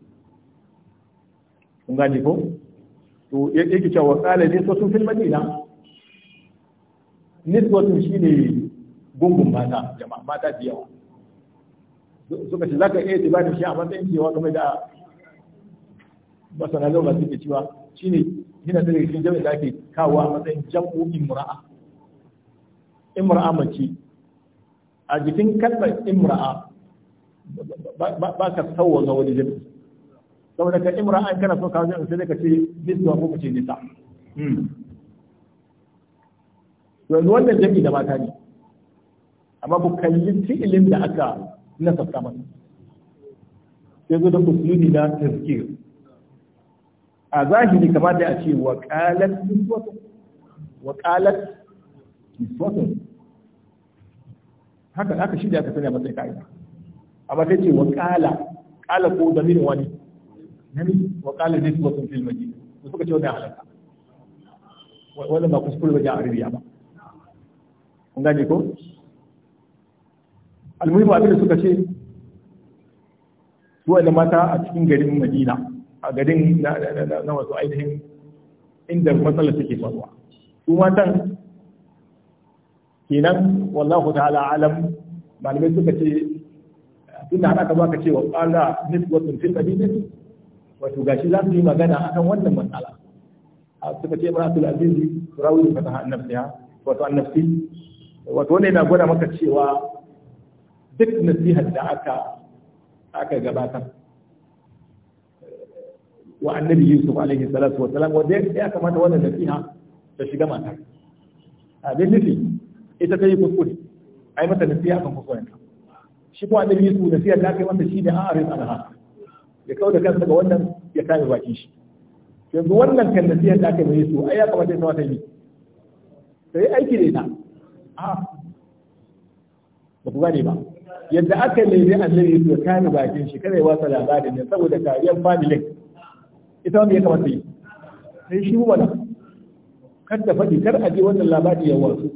kun gane ko to yake cewa qala nisbatun fil madina nisbatun shine gungun mata jama'a mata da yawa suka ce zaka iya da shi a matsayin cewa kamar da masana lokaci ke cewa shine yana da cikin jami'a da ake kawo a matsayin jam'u imra'a imra'a mace a jikin kalmar imra'a ba ka sauwaga wani jami'i saboda ka imra an kana so ka wajen sai ka ce bisuwa ko kace nisa hmm. yanzu wannan jami da mata ne amma ku kalli fi'ilin da aka nasabta masa sai zo da usuli na tazkir a zahiri kamata a ce wa qalat niswatun wa qalat niswatun haka aka shirya ka sanya matsayi ka'ida amma ta ce wa ƙala ƙala ko da mini wani nani wa ƙala zai tuwa sun filma ji su suka ce wannan halaka wanda ba kuskure ba ja arabiya ba kun gane ko almuhimu abin da suka ce su wani mata a cikin garin madina a garin na wasu ainihin inda matsalar take faruwa su matan kenan wallahu ta'ala alam malamai suka ce tun da ka baka cewa qala nisbatun fil qadid wato gashi za su yi magana akan wannan matsala suka ce imratul aziz rawi fataha ya wato annafsi wato wannan yana gwada maka cewa duk nasihar da aka aka gabatar wa annabi yusuf alaihi salatu Salam wanda ya kamata wannan nasiha ta shiga A dai nufi ita ta yi kuskure ai mata nasiha kan kuskurenta shi ko annabi Yusuf da sai Allah kai masa shi da a'arin alha ya kawo da kansa ga wannan ya kame baki shi yanzu wannan kan da siyar da kai mai Yusuf ai ya kamata ya wata yi sai aiki da ita a ba ku gane ba yadda aka nemi annabi su ya kame bakin shi kada ya wasa labarin ne saboda kariyar family ita wanda ya kamata yi sai shi wala da faɗi kar a je wannan labarin ya wasu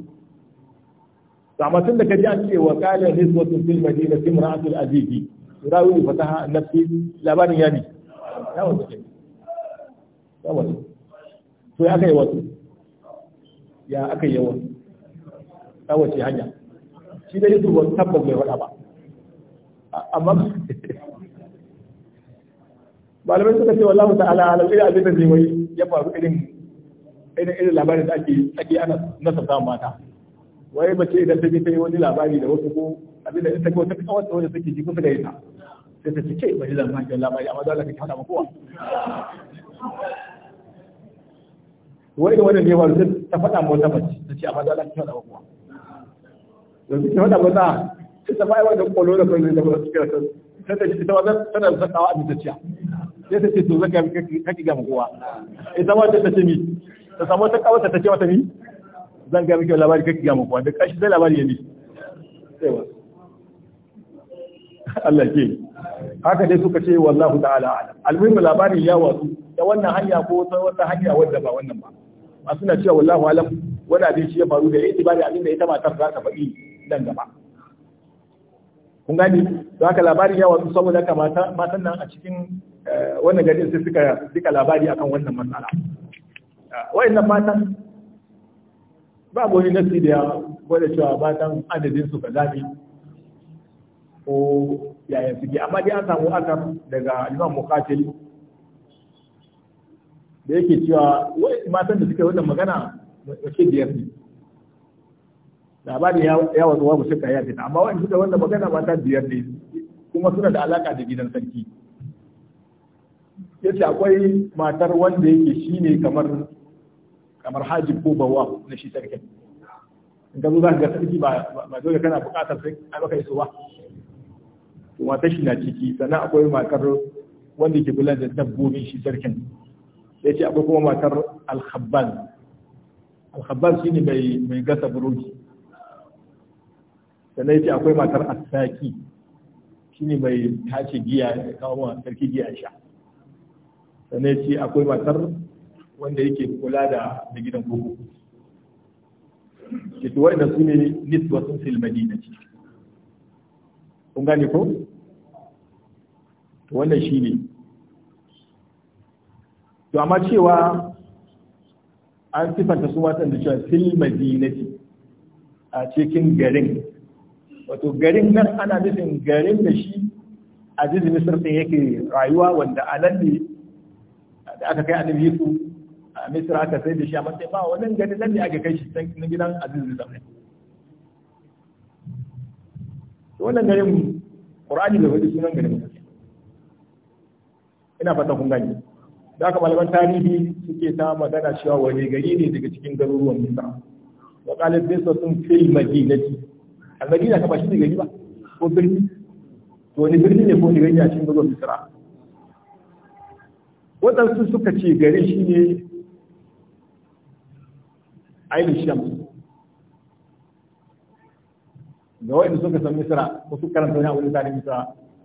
amma tun da kaji an ce wa qala niswatun fil madinati imra'atul aziz rawi fataha nafsi labarin yani ya wato ya wato to ya kai wato ya aka yi wato ta wace hanya shi da yusuf wasu tabbas bai faɗa ba amma malamai suka ce wallahu ta'ala ala irin abin da zai wai ya faru irin irin labarin da ake ake ana nasa samun mata wai mace idan ta je ta yi wani labari da wasu ko abinda ita ko ta kawo wata kawar wanda take ji kusa da ita sai ta ce ke ba ji zama ke labari amma dole ka hada makowa wai da wannan ne wani ta fada ma wata mace ta ce amma dole ka ki hada kowa yanzu ki faɗa mata ce ta bayar da kwallo da kwallo da kwallo suke da sai ta ji ta wannan tana zakawa a mitaciya sai ta ce to zaka kake ga kowa ita wata ta ce mi ta samu ta kawata ta ce wata mi zan ga miki labari kake ga mu da kashi zai labari ya bi Allah ke haka dai suka ce wallahu ta'ala alam almuhim labari ya wasu ta wannan hanya ko ta wata hanya wadda ba wannan ba masu suna cewa wallahu alam wani abin shi ya faru da yayi bari abin da ita matar za ta faɗi nan gaba kun gani da haka labarin ya wasu saboda haka matan nan a cikin eh, wannan gadin sai suka duka labari akan wannan matsala eh, wayannan matan babu wani nasi da ya gwada cewa ba dan adadin su kaza ne ko yayin suke amma dai an samu asar daga imam muqatil da yake cewa wai matan da suke wannan magana wace biyar ne labari ya wasu wa musulka ya fita amma wani suka wannan magana matan biyar ne kuma suna da alaka da gidan sarki ya ce akwai matar wanda yake shi ne kamar kamar Haji ko bawa na shi sarkin in ka zo za ka ga sarki ba dole kana buƙatar sai a baka iso ba kuma ta shi na ciki sannan akwai makar wanda ke kula da dabbobin shi sarkin sai ce akwai kuma matar alhabban alhabban shine mai mai gasa buroki sannan ce akwai makar asaki shine mai tace giya ya kawo ma sarki giya sha sannan ce akwai makar wanda yake kula da gidan koko ke tuwa da su ne sun fil madina ce kun gane ko to wannan shi ne to amma cewa an sifanta su watan da cewa fil madinati a cikin garin wato garin nan ana nufin garin da shi aziz misir din yake rayuwa wanda a da aka kai annabi yusuf misra aka sai da shi amma sai ba wannan gani nan ne ake kai shi can gidan aziz da wannan garin qur'ani da wani sunan garin ba ina fata kun gani da aka malaman tarihi suke ta magana cewa wani gari ne daga cikin garuruwan misra wa qalib bisa sun fil madinati al madina ka ba shi gari ba ko birni to wani birni ne ko wani gari a cikin garuruwan misra su suka ce gari shi ne ainihin shams ga wa'in suka san misra ko su karanta wani abin tarihin misra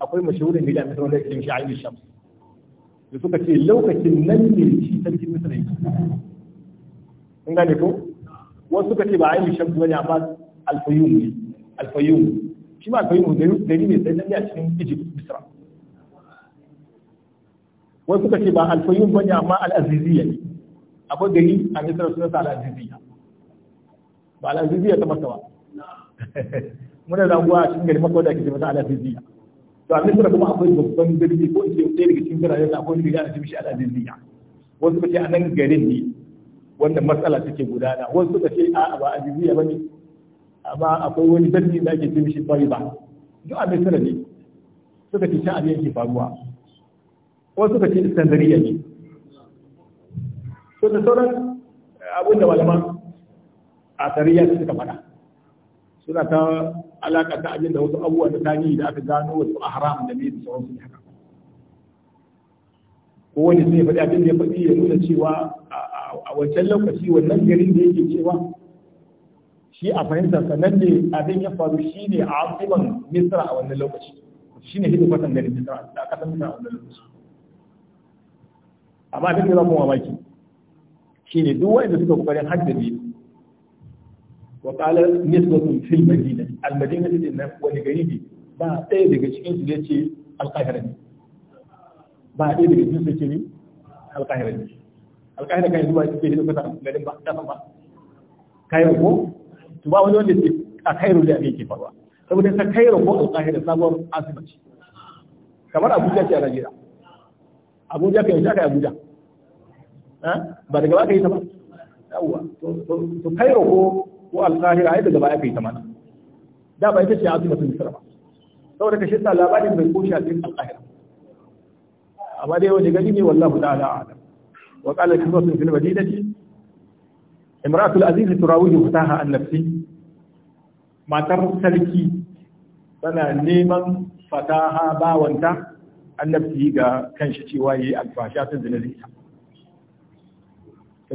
akwai mashahurin gida misra wanda ya yake shi ainihin shams da suka ce lokacin nan ne shi sarkin misra yake kun gane ko wasu suka ce ba ainihin ba ne amma alfayum ne alfayum shi ma alfayum gari ne sai nan ne a cikin egypt misra wasu suka ce ba alfayum ne amma al'aziziyya ne akwai gari a misra suna sa al'aziziyya ba alaziziya ta masa ba muna da anguwa a cikin gari maka da ake ce masa alaziziya to a misira kuma akwai babban birni ko in ce ɗaya daga cikin birane akwai wani gari ana ce mishi alaziziya wasu suka ce a nan garin ne Wannan matsala take gudana wasu suka ce a'a ba aziziya ba ne amma akwai wani birni da ake ce mishi ba duk a misira ne suka ce shan abin yake faruwa wasu suka ce iskandariya ne so da sauran abin da malaman asariya da suka faɗa suna ta alaƙa ta ajin da wasu abubuwa da tarihi da aka gano wasu a haram da mai da sauransu ne haka ko wani sai faɗi abin da ya faɗi ya nuna cewa a wancan lokaci wannan garin da yake cewa shi a fahimtar sannan ne abin ya faru shi ne a asiban misra a wannan lokaci shi ne hidin kwatan garin misra a ƙasar misra a wannan lokaci amma abin da za mu mamaki shi ne duk wanda suka kokarin hajjabi wa qala nisbatun fil madina al madina din nan wani gari ne ba ɗaya daga cikin su yace al qahira ne ba daga cikin su yace ni al qahira ne al qahira kai duba yake da kusa garin ba da ba kai ko to ba wani wanda ke a kairo da ake faruwa saboda ta kairo ko al qahira sabuwar asima ce kamar abuja ce a najeriya abuja kai shaka abuja ba daga ba ka yi ta ba yawwa to kairo ko ko alkahira ai daga baya kai ta mana da ba ita ce azumatun misra ba saboda ka shirta labarin bai koshi a cikin alkahira amma dai wani gani ne wallahu ta'ala a'lam wa qala kisratun fil madinati imra'atul aziz turawiju fataha an nafsi matar sarki tana neman fataha bawanta annabci ga kanshi cewa yayi alfasha ta zina da ita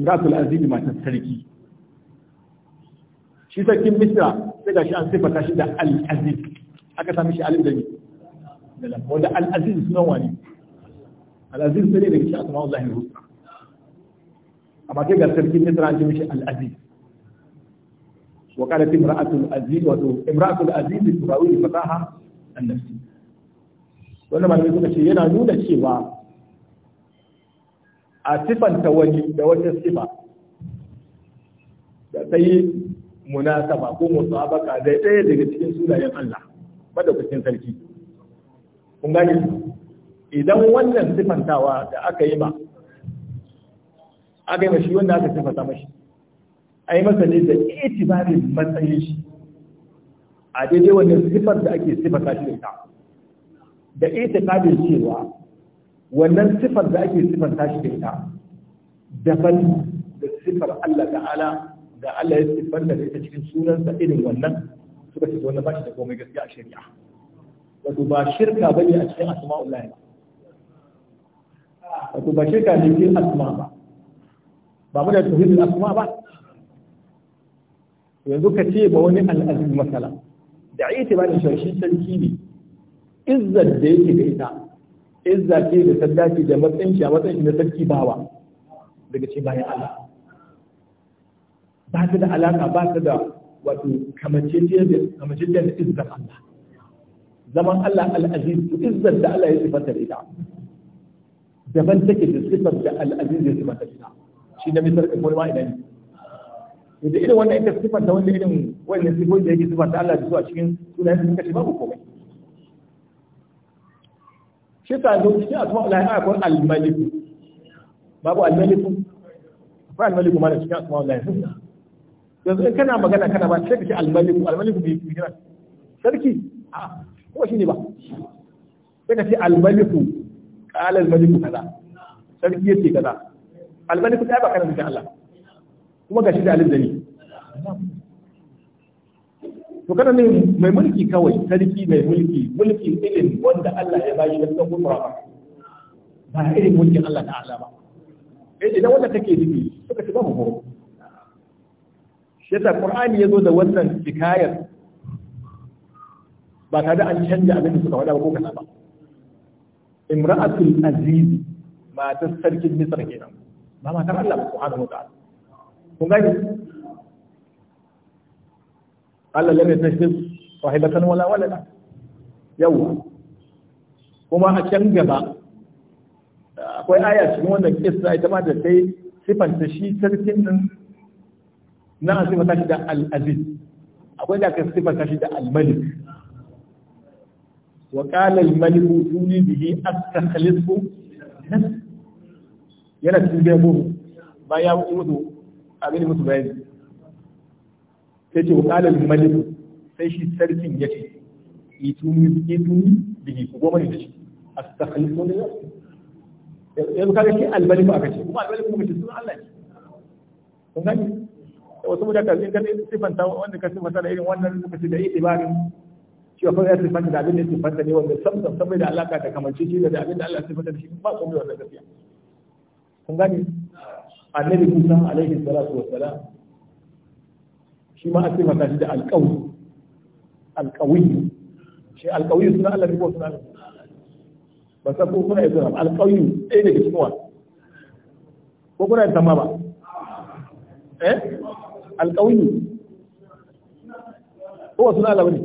imra'atul aziz matar sarki shi sarkin misra sai gashi an siffata shi da al-aziz aka sami shi alif da ni wanda al-aziz sunan wani al-aziz sai daga cikin asma'ul lahi husna amma kai ga sarkin misra an ce mishi al-aziz wa qalat imra'atul aziz wa imra'atul aziz turawi fataha an-nafsi wannan malamai suka ce yana nuna cewa a siffanta wani da wata siffa da sai munasaba ko musabaka dai ɗaya daga cikin sunayen Allah madaukakin sarki kun gane idan wannan sifantawa da aka yi ma aka yi ma shi wanda aka sifata mashi ai masa ne da itibarin matsayin shi a daidai wannan sifar da ake sifata shi da ita da itikadin cewa wannan sifar da ake sifanta shi da ita daban da sifar Allah ta'ala da Allah ya siffar da ita cikin sunansa irin wannan suka ce wannan ba shi da komai gaskiya a shari'a wato ba shirka bane a cikin asma'ullahi ba wato ba shirka ne cikin asma ba ba mu da tauhidul asma ba yanzu ka ce ba wani al'azim masala da ita ba da sharshin sarki ne izzar da yake da ita izza ce da sadaki da matsayin shi a matsayin shi na sarki bawa daga cikin bayan Allah ba ta da alaka ba ta da wato kamacecciyar da izzar Allah zaman Allah al'aziz to izzar da Allah ya sifanta da ita daban take da sifar da al'aziz ya sifanta da ita shi na misar ka kuma idan to da irin wannan ita sifar da wanda irin wannan sifar da yake sifar da Allah da su a cikin sunayen da suka ce babu komai shi ta zo cikin asma'ul lahi akwai al-malik babu al-malik akwai al-malik ma da cikin asma'ul lahi yanzu in kana magana kana ba sai ka ce almaliku almaliku bai kira sarki a shi ne ba sai ka ce almaliku qala almaliku kaza sarki yace kaza almaliku ta ba kana da Allah kuma shi da alif dani to kana ne mai mulki kawai sarki mai mulki mulki ilin wanda Allah ya bayi da san kutura ba ba irin mulkin Allah ta'ala ba eh idan wanda kake nufi suka ci ba mu horo shi yasa ya zo da wannan hikayar ba tare da an canja abin da suka faɗa ba ko kana ba imra'atul aziz matar sarkin misr kenan ba matar Allah ba subhanahu wa ta'ala kun gani Allah lam yatashbih sahibatan wala walada yawa kuma a can gaba akwai aya cikin wannan kissa ita ma da sai sifanta shi sarkin din Na a sifata shi da al akwai da aka sifata shi da al-malik wa ƙala al-malik tuni bihi astakhlifu yana cikin gabo ba ya mutu abin mutu bayan sai ce wa ƙala al-malik sai shi sarkin ce yi tuni bihi ko goma ne da shi astakhlifu ne yanzu kaga shi al-malik aka ce kuma al-malik kuma ce sun Allah ne kun gani wasu mutane in ka sifanta wanda ka sifanta da irin wannan lokaci da itibarin cewa kawai ya sifanta da abin da sifanta ne wanda sam sam sam da alaka da kamanci shi da abin da Allah sifanta da shi ba su da wannan gaskiya kun gane annabi Musa alaihi salatu wassalam shi ma a sifanta shi da alqawi alqawi shi alqawi suna Allah ne ko suna Allah ba san ko kuna yi suna alqawi ɗaya daga cikin wa ko kuna yi tamma ba eh alƙawuyi kowa suna alamu ne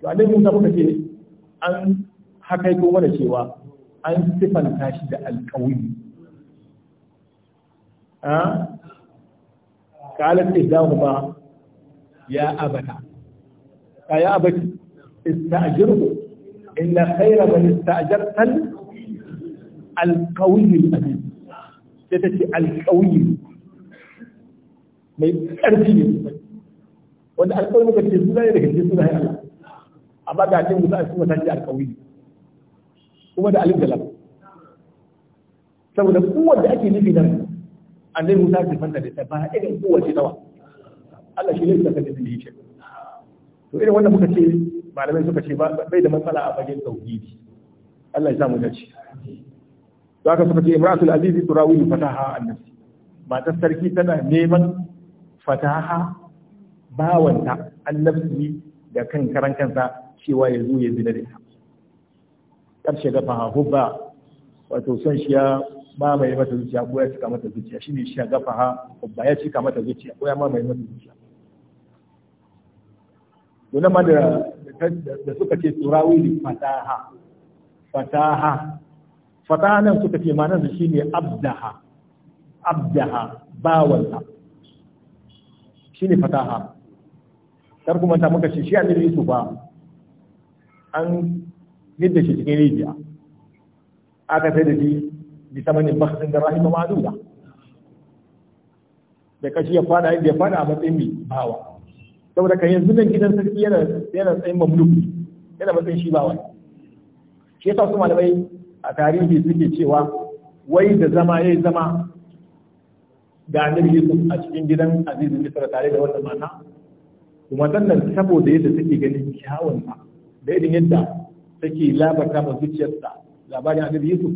to annabi musa muka ce an haka yi mana cewa an sifanta shi da alƙawuyi ha kalar mu ba ya abata ka ya abata abati ista'jirhu inna khayra man ista'jarta al-qawiy al-amin sai ta ce ne. mai ƙarfi ne sosai wanda alƙawari muka ce suna ne daga cikin suna Allah amma ga cikin musa a cikin matashi alƙawari kuma da alif da saboda kuwar da ake nufi nan annabi musa ta fanta da ba irin kuwar ce nawa Allah shi ne ya saka da shi to irin wanda muka ce malamai suka ce bai da matsala a fagen tauhidi Allah ya samu dace to haka suka ce imratul azizi turawi fataha annabi Ba matar sarki tana neman fataha bawanta annabi da kan karan kansa cewa ya zo ya zina da ita ƙarshe ga hubba wato son shi ya mamaye mata zuciya ko ya cika mata zuciya shine shi ya gafa ha hubba ya cika mata zuciya ko ya mamaye mata zuciya dole ma da da suka ce turawili fataha fataha fataha nan suka ce ma'anar shi ne abdaha abdaha bawanta. shine fataha kar kuma ta muka shi shi annabi Yusuf ba an yadda shi cikin rijiya aka sai da shi bi samanin baksin da rahima ma'aduda da kashi ya fada inda ya fada a matsayin mai bawa saboda kan yanzu nan gidan sarki yana yana tsayin mamluki yana matsayin shi bawa shi yasa su malamai a tarihi suke cewa wai da zama yayi zama ga annabi Yusuf a cikin gidan Aziz bin Misra tare da wata mata kuma sannan saboda yadda take ganin kyawun sa da irin yadda take labarta ma zuciyarsa labarin annabi Yusuf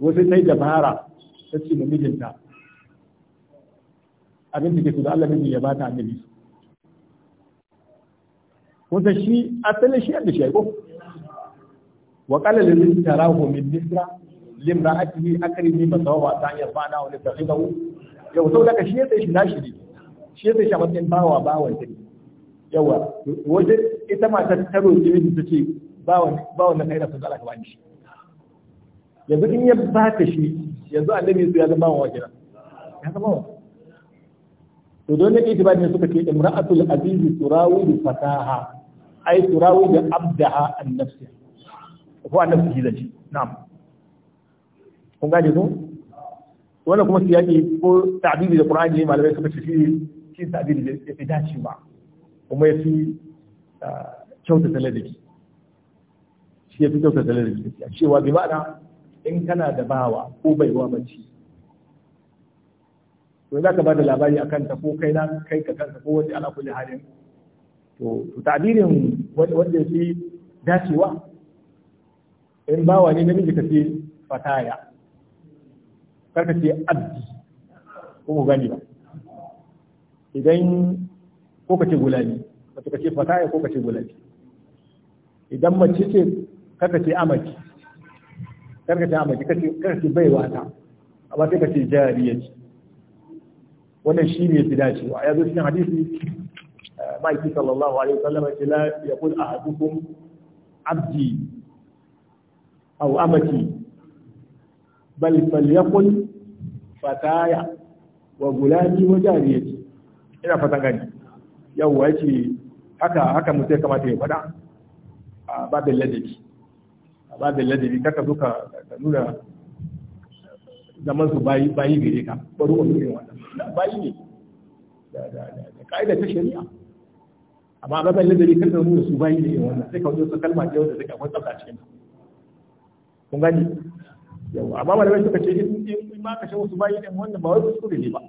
wasu sai dabara ta ce mijinta abin da ke so da Allah mijin ya bata annabi Yusuf kun shi asalin shi da shi ko wa qala lil tarahu min misra limra'atihi akrimi fa sawaba ta yafana wa li taqidahu yau sau daga shi ya sai shi nashi ne shi ya sai shi a matsayin bawa bawan ta yawa wata ita mata ta roƙi miji ta ce bawan na kai da sun zalaka bani shi yanzu in ya ba ta shi yanzu annabi su ya zama bawan wajen ya zama wa to don ne ita ne suka ce imra'atul aziz turawi bi fataha ai turawi da abdaha an nafsi ko an nafsi zai na'am kun gaje ko wannan kuma yaƙi ko ta'biri da Qur'ani ne malamai suka ce shi shi ta'biri da ya fi dacewa kuma ya fi ah, kyautata ladabi shi ya fi kyautata ladabi cewa bi ma'ana in kana da bawa ko baiwa mace to za ka ba da labari a kanta ko kai na kai ka kanta ko wani ala kulli halin to ta'birin wanda ya fi dacewa in bawa ne namiji ka fi fataya karka ce abdi ko mu gani ba idan ko kace ce gulami wato ka fataya ko kace ce idan mace ce karka ce amaki karka ce amaki karka ce baiwa ta amma sai ka ce jariya ce wannan shi ne fi dacewa ya zo cikin hadisi eh, ma'aiki sallallahu alaihi wasallam ya ce la yaqul ahadukum abdi aw amati بل فليقل فتايا wa وجاريتي ina fatan gani yawwa yace haka haka mutum ya kamata ya faɗa a babin ladabi a babin ladabi kaka zo ka nuna zaman su bayi bayi gare ka bari wani irin wannan bayi ne da ka'ida ta shari'a amma a babin ladabi kaka nuna su bayi ne wannan sai ka wajen su kalma ce wanda take akwai tsafta cikin kun gani yau amma malamai suka ce in ma kashe wasu bayi din wannan ba wai kuskure ne ba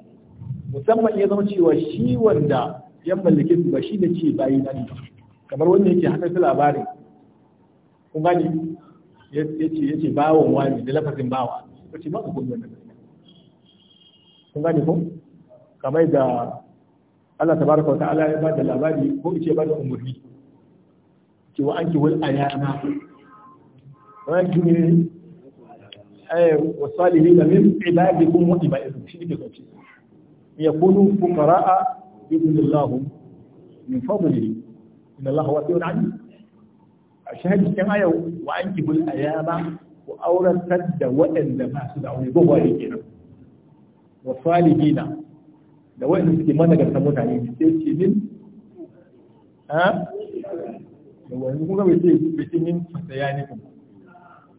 musamman ya zama cewa shi wanda ya mallake su ba shi ne ce bayi na ne kamar wanda yake haka su labarin kun gani yace yace bawon wani da lafazin bawa ce ba ku kun wannan kun gani ko kamar da Allah tabaraka wa ta'ala ya ba da labari ko ce ba da umurni cewa an ki wal ayana wannan ne. آه، والصالحين من عبادكم وإبائكم شنو كده يكونوا فقراء بإذن الله من فضله إن الله سيد عليم أشهد كما يو وأنجب الأيام وأورثت دوائن لما سدعوني بغاري كنا والصالحين دوائن سكيمانا سموت عليهم سيرتي من ها دوائن مغا بيتي بيتي من فتيانكم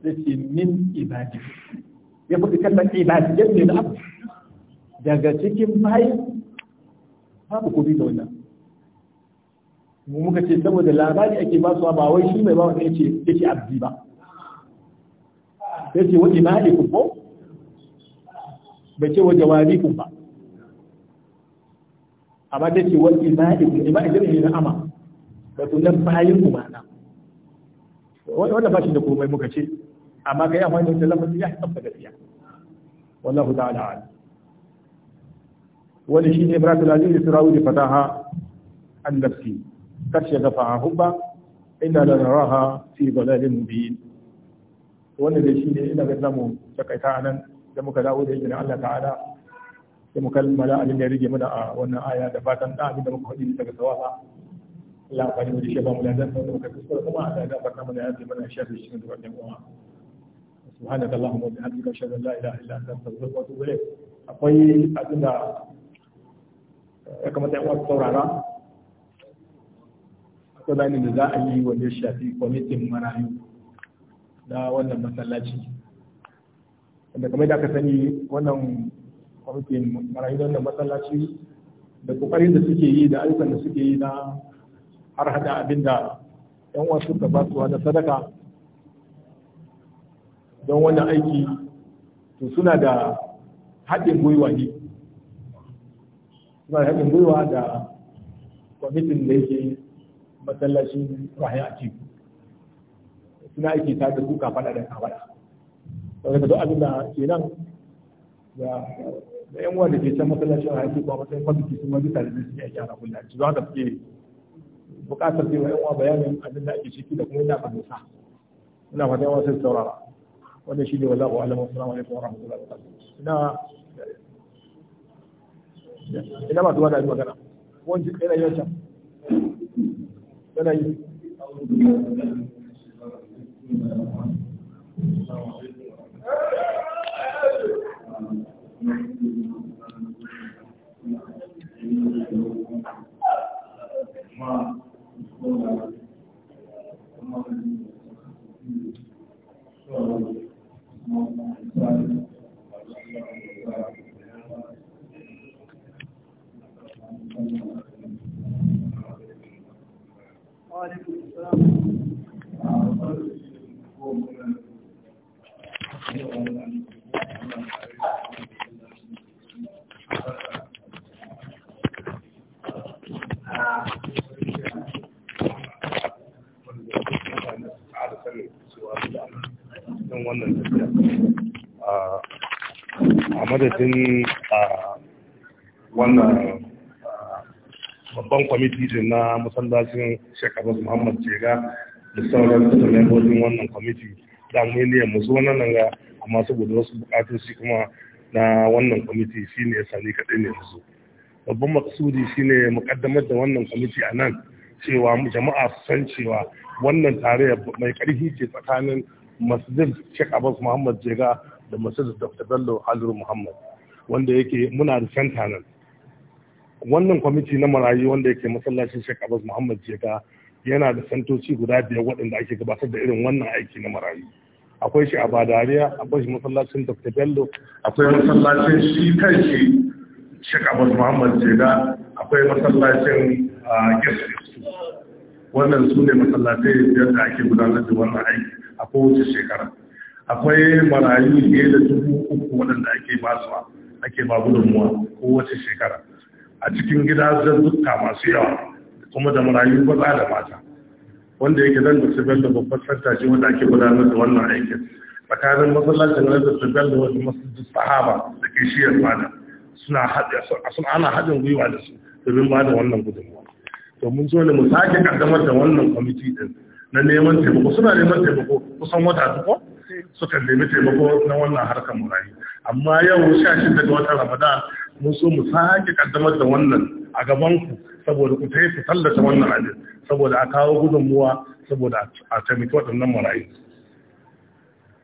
zai ce min ibadi ya fi kalmar ibadi yadda na abu daga cikin bayi babu kuɗi da wannan mu muka ce saboda labari ake ba su ba wai shi mai ba wanda yace yace abdi ba yace wa imalikum ko bai ce wani jawarikum ba amma da ce wa imalikum imalikum ne na ama da sunan bayin ku ba na wannan ba da kuma muka ce amma kai amma da lafazin ya tabbata gaskiya wallahu ta'ala a'lam wani shine ibratul aziz sirawi fataha an-nafsi kashi dafa hubba inda da raha fi dalalin mubin wannan da shine ina ga zamu takaita anan da muka dawo da izinin Allah ta'ala sai mu kalmala abin da ya rige mana a wannan aya da fatan da abin da muka faɗi daga sawaba Allah ya bani da shi ba mu da zan da muka kuskura kuma a da fatan mu da ya ce mana shafi shi da wannan uwa subhanaka allahumma wa bihamdika ashhadu an la ilaha akwai abin da ya kamata ya wasu saurara akwai bayani da za a yi wanda ya shafi kwamitin marayu na wannan masallaci wanda kamar da aka sani wannan kwamitin marayu na wannan masallaci da kokarin da suke yi da ayyukan da suke yi na har hada abin da yan wasu suka ba su sadaka don wannan aiki to suna da haɗin gwiwa ne suna da haɗin gwiwa da kwamitin da yake masallacin rahaya a cikin suna aiki ta da kuka faɗa da kawai sau daga duk abin da ke nan da yan uwa da ke can masallacin rahaya ke ba matsayin kwamiti sun wani tare da suke aiki a rakun da za da suke bukatar cewa yan uwa bayanin abin da ake ciki da kuma yana fahimta ina fata yawan sai saurara wanda shi ne wa wallahu alamun assalamu alaikum wa rahmatullahi wa barakatuh ina ina masu wani magana wani yana yin sa yana yi madadin a wannan babban kwamiti na masallacin shekaru muhammad jega da sauran su membobin wannan kwamiti da miliyan musu wannan nan ga amma saboda wasu bukatoci kuma na wannan kwamiti shine ya sani kaɗai ne musu babban maksudi shine mukaddamar da wannan kwamiti a nan cewa jama'a su san cewa wannan tare mai ƙarfi ce tsakanin masjid Sheikh Abbas Muhammad Jega da Mercedes Dr. Bello Aliyu Muhammad wanda yake muna da santa nan wannan kwamiti na marayu wanda yake masallacin Sheikh Abbas Muhammad Jega yana da santoci guda biyar waɗanda ake gabatar da irin wannan aiki na marayu akwai shi a Badariya akwai shi masallacin Dr. Bello akwai masallacin shi shi Sheikh Abbas Muhammad Jega akwai masallacin wannan su ne masallatai yadda da ake gudanar da wannan aiki a kowace shekara akwai marayu ne da dubu uku waɗanda ake basuwa ake ba gudunmuwa kowace shekara a cikin gida zazzuka masu yawa kuma da marayu ba za da mata wanda yake zan da sibel da babbar santa ce wanda ake gudanar da wannan aikin tsakanin masallacin na da sibel da wasu masallacin sahaba da ke shiyar fada suna haɗe ana haɗin gwiwa da su domin ba da wannan gudunmuwa to mun so ne mu sake kaddamar da wannan kwamiti din na neman taimako suna neman taimako kusan wata duk suka nemi taimako na wannan harkar marayu amma yau sha shida ga watan ramadan mun so mu sake kaddamar da wannan a gaban ku saboda ku ta yi tallata wannan abin saboda a kawo gudunmuwa saboda a taimaki waɗannan marayu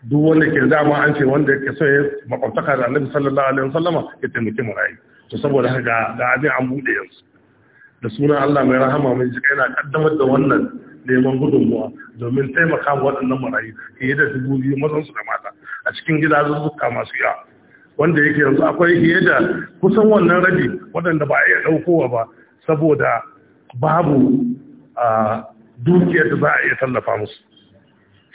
duk wanda ke dama an ce wanda ke so ya makwabtaka da annabi sallallahu alaihi wasallama ya taimaki marayu to saboda haka ga abin an buɗe yanzu da sunan Allah mai rahama mai jika yana kaddamar da wannan neman gudunmuwa domin taimaka wa waɗannan marayu fiye da dubu biyu mazansu da mata a cikin gida gidazuzzuka masu yawa wanda yake yanzu akwai fiye da kusan wannan rabi waɗanda ba a iya ɗaukowa ba saboda babu dukiyar da za a iya tallafa musu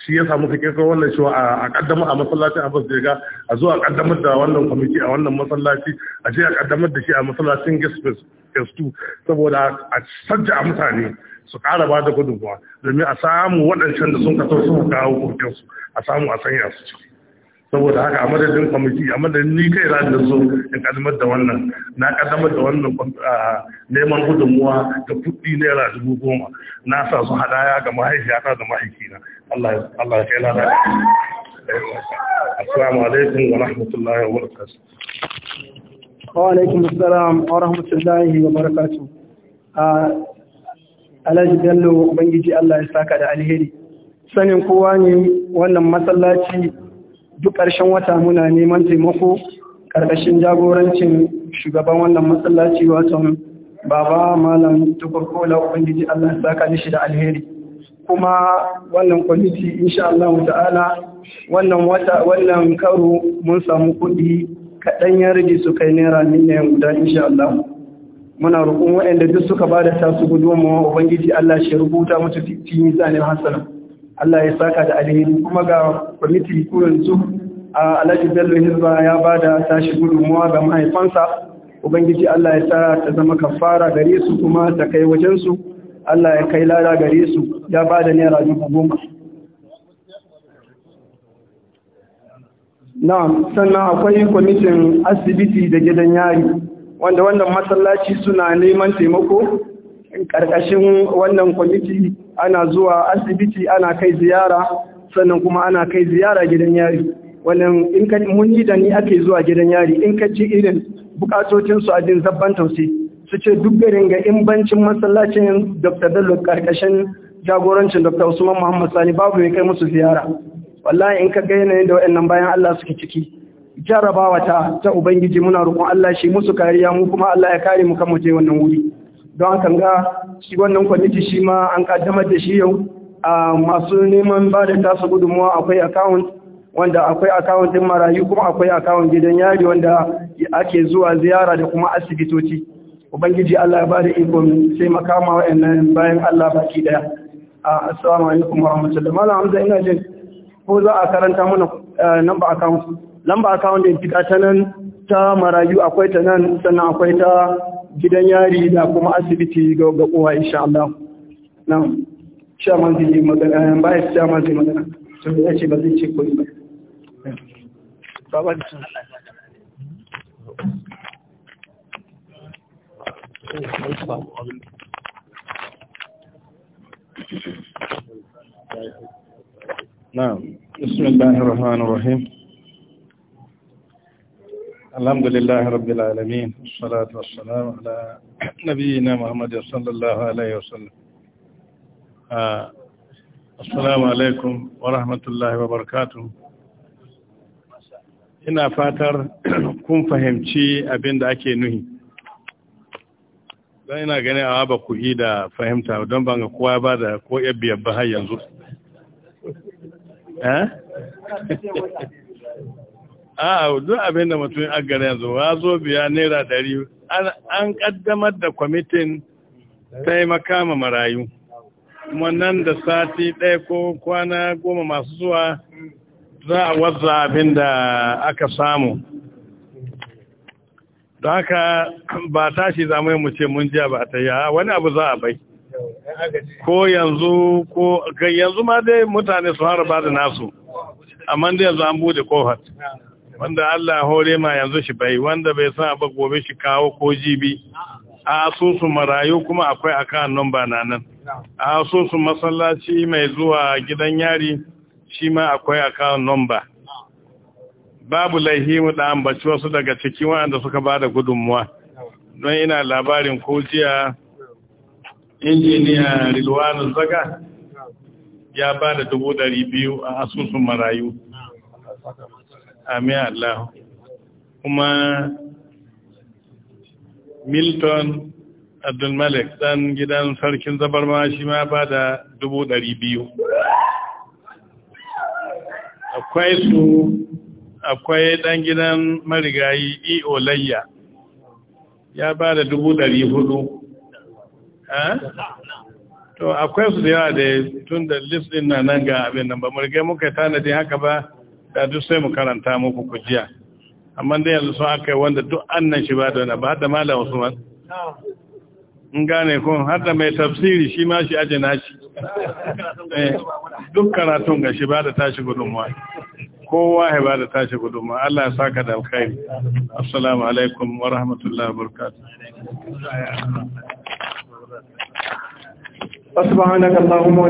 shi ya samu kirkar wannan cewa a kaddamar a masallacin bas jirga a zuwa kaddamar da wannan kwamiti a wannan masallaci a je a kaddamar da shi a masallacin gaspes testu saboda a a mutane su ƙara ba da gudunmuwa domin a samu waɗancan da sun kasar su kawo kokensu a samu a sanya su ciki saboda haka a madadin kwamiti a madadin ni kai za da so in kaddamar da wannan na kaddamar da wannan neman gudunmuwa da kuɗi naira dubu goma na sa su hadaya ga mahaifiyata da mahaifina Allah ya kai lada assalamu alaikum wa rahmatullahi wa barakatuh Wa'alaikun Musulam wa rahmatullahi wa barakatu. Alhaji Bello Ubangiji Allah ya saka da alheri. Sanin kowa ne wannan masallaci duk ƙarshen wata muna neman taimako ƙarƙashin jagorancin shugaban wannan masallaci wato baba malam tukurkola Ubangiji Allah ya saka da shi da alheri. Kuma wannan kwamiti insha Allah ta'ala wannan wannan karo mun samu kuɗi kaɗan ya rage su kai naira miliyan guda insha Allah muna roƙon waɗanda duk suka ba da tasu gudunmawa ubangiji Allah shi rubuta mutu fi mizani hasana Allah ya saka da alheri kuma ga kwamiti kurin su a Alhaji Bello Hizba ya ba da tashi gudunmawa ga mahaifansa ubangiji Allah ya sa ta zama kafara gare su kuma ta kai wajen su Allah ya kai lada gare su ya ba da naira dubu goma na'am sannan akwai kwamitin asibiti da gidan yari wanda wannan masallaci suna neman taimako ƙarƙashin wannan kwamiti ana zuwa asibiti ana kai ziyara sannan kuma ana kai ziyara gidan yari wannan in ka mun yi da ni ake zuwa gidan yari in ka ji irin bukatocin su abin zabban tausi su ce duk garin ga in bancin masallacin Dr. Bello ƙarƙashin jagorancin Dr. Usman Muhammad Sani babu ya kai musu ziyara wallahi in ka ga yanayin da waɗannan bayan Allah suke ciki jarabawa ta ta ubangiji muna roƙon Allah shi musu kariya mu kuma Allah ya kare mu kan mu je wannan wuri don haka ga shi wannan kwamiti shi ma an kaddamar da shi yau a masu neman ba da tasu gudunmuwa akwai account wanda akwai akawun din marayu kuma akwai akawun gidan yari wanda ake zuwa ziyara da kuma asibitoci ubangiji Allah ya bada iko sai makama wa'annan bayan Allah baki daya assalamu alaikum wa rahmatullahi wa ina jin ko za a karanta mana lamba eh, account lamba account din fita ta nan ta marayu akwai ta nan sannan akwai ta gidan yari da kuma asibiti ga ga kowa insha Allah nan sha man zai magana ba ya sha man zai magana to ya ce ba zai ce ko ba baba da Now. بسم الله الرحمن الرحيم الحمد لله رب العالمين والصلاة والسلام على نبينا محمد صلى الله عليه وسلم السلام عليكم ورحمة الله وبركاته هنا فاتر كن fahimci abin da ake nuhi don ina ganin awa ba ku yi da fahimta don ban ga kowa ba da ko yabbi yabba har yanzu Eh? [laughs] a duk abin da mutum a gare yanzu ba zo biya naira dari an kaddamar da kwamitin taimaka ma marayu wannan da sati ɗaya ko kwana goma masu zuwa za a wazza abin da aka samu don haka ba tashi zamai mu ce mun jiya ba a ta yi wani abu za a bai ko yanzu ko yanzu ma dai mutane su ba da nasu amma dai yanzu an bude kofar wanda Allah hore ma yanzu shi bai wanda bai sa ba gobe shi kawo ko jibi a asusun marayu kuma akwai aka nan ba nan a asusun masallaci mai zuwa gidan yari shi ma akwai aka nan ba babu laihi mu da ambaci wasu daga ciki wanda suka ba da gudunmuwa don ina labarin ko jiya injiniya rilwanu zaga ya ba da dubu dari biyu a asusun marayu amin Allah kuma milton Abdulmalek, dan gidan sarkin ma shi ma ba da dubu dari biyu akwai su akwai dan gidan marigayi iyo e. layya ya ba da dubu dari hudu Eh? to akwai su da yawa da tun da list din na nan ga abin nan ba mu rige muka tanadi haka ba da duk sai mu karanta muku kujiya amma dai yanzu sun aka yi wanda duk annan shi ba da wani ba har da malam usman in gane kun har da mai tafsiri shi ma shi aji nashi eh, duk karatun ga shi ba da tashi gudunmuwa kowa ya ba da tashi gudunmuwa Allah ya saka da alkhairi assalamu alaikum wa rahmatullahi wa barakatuh فسبحانك اللهم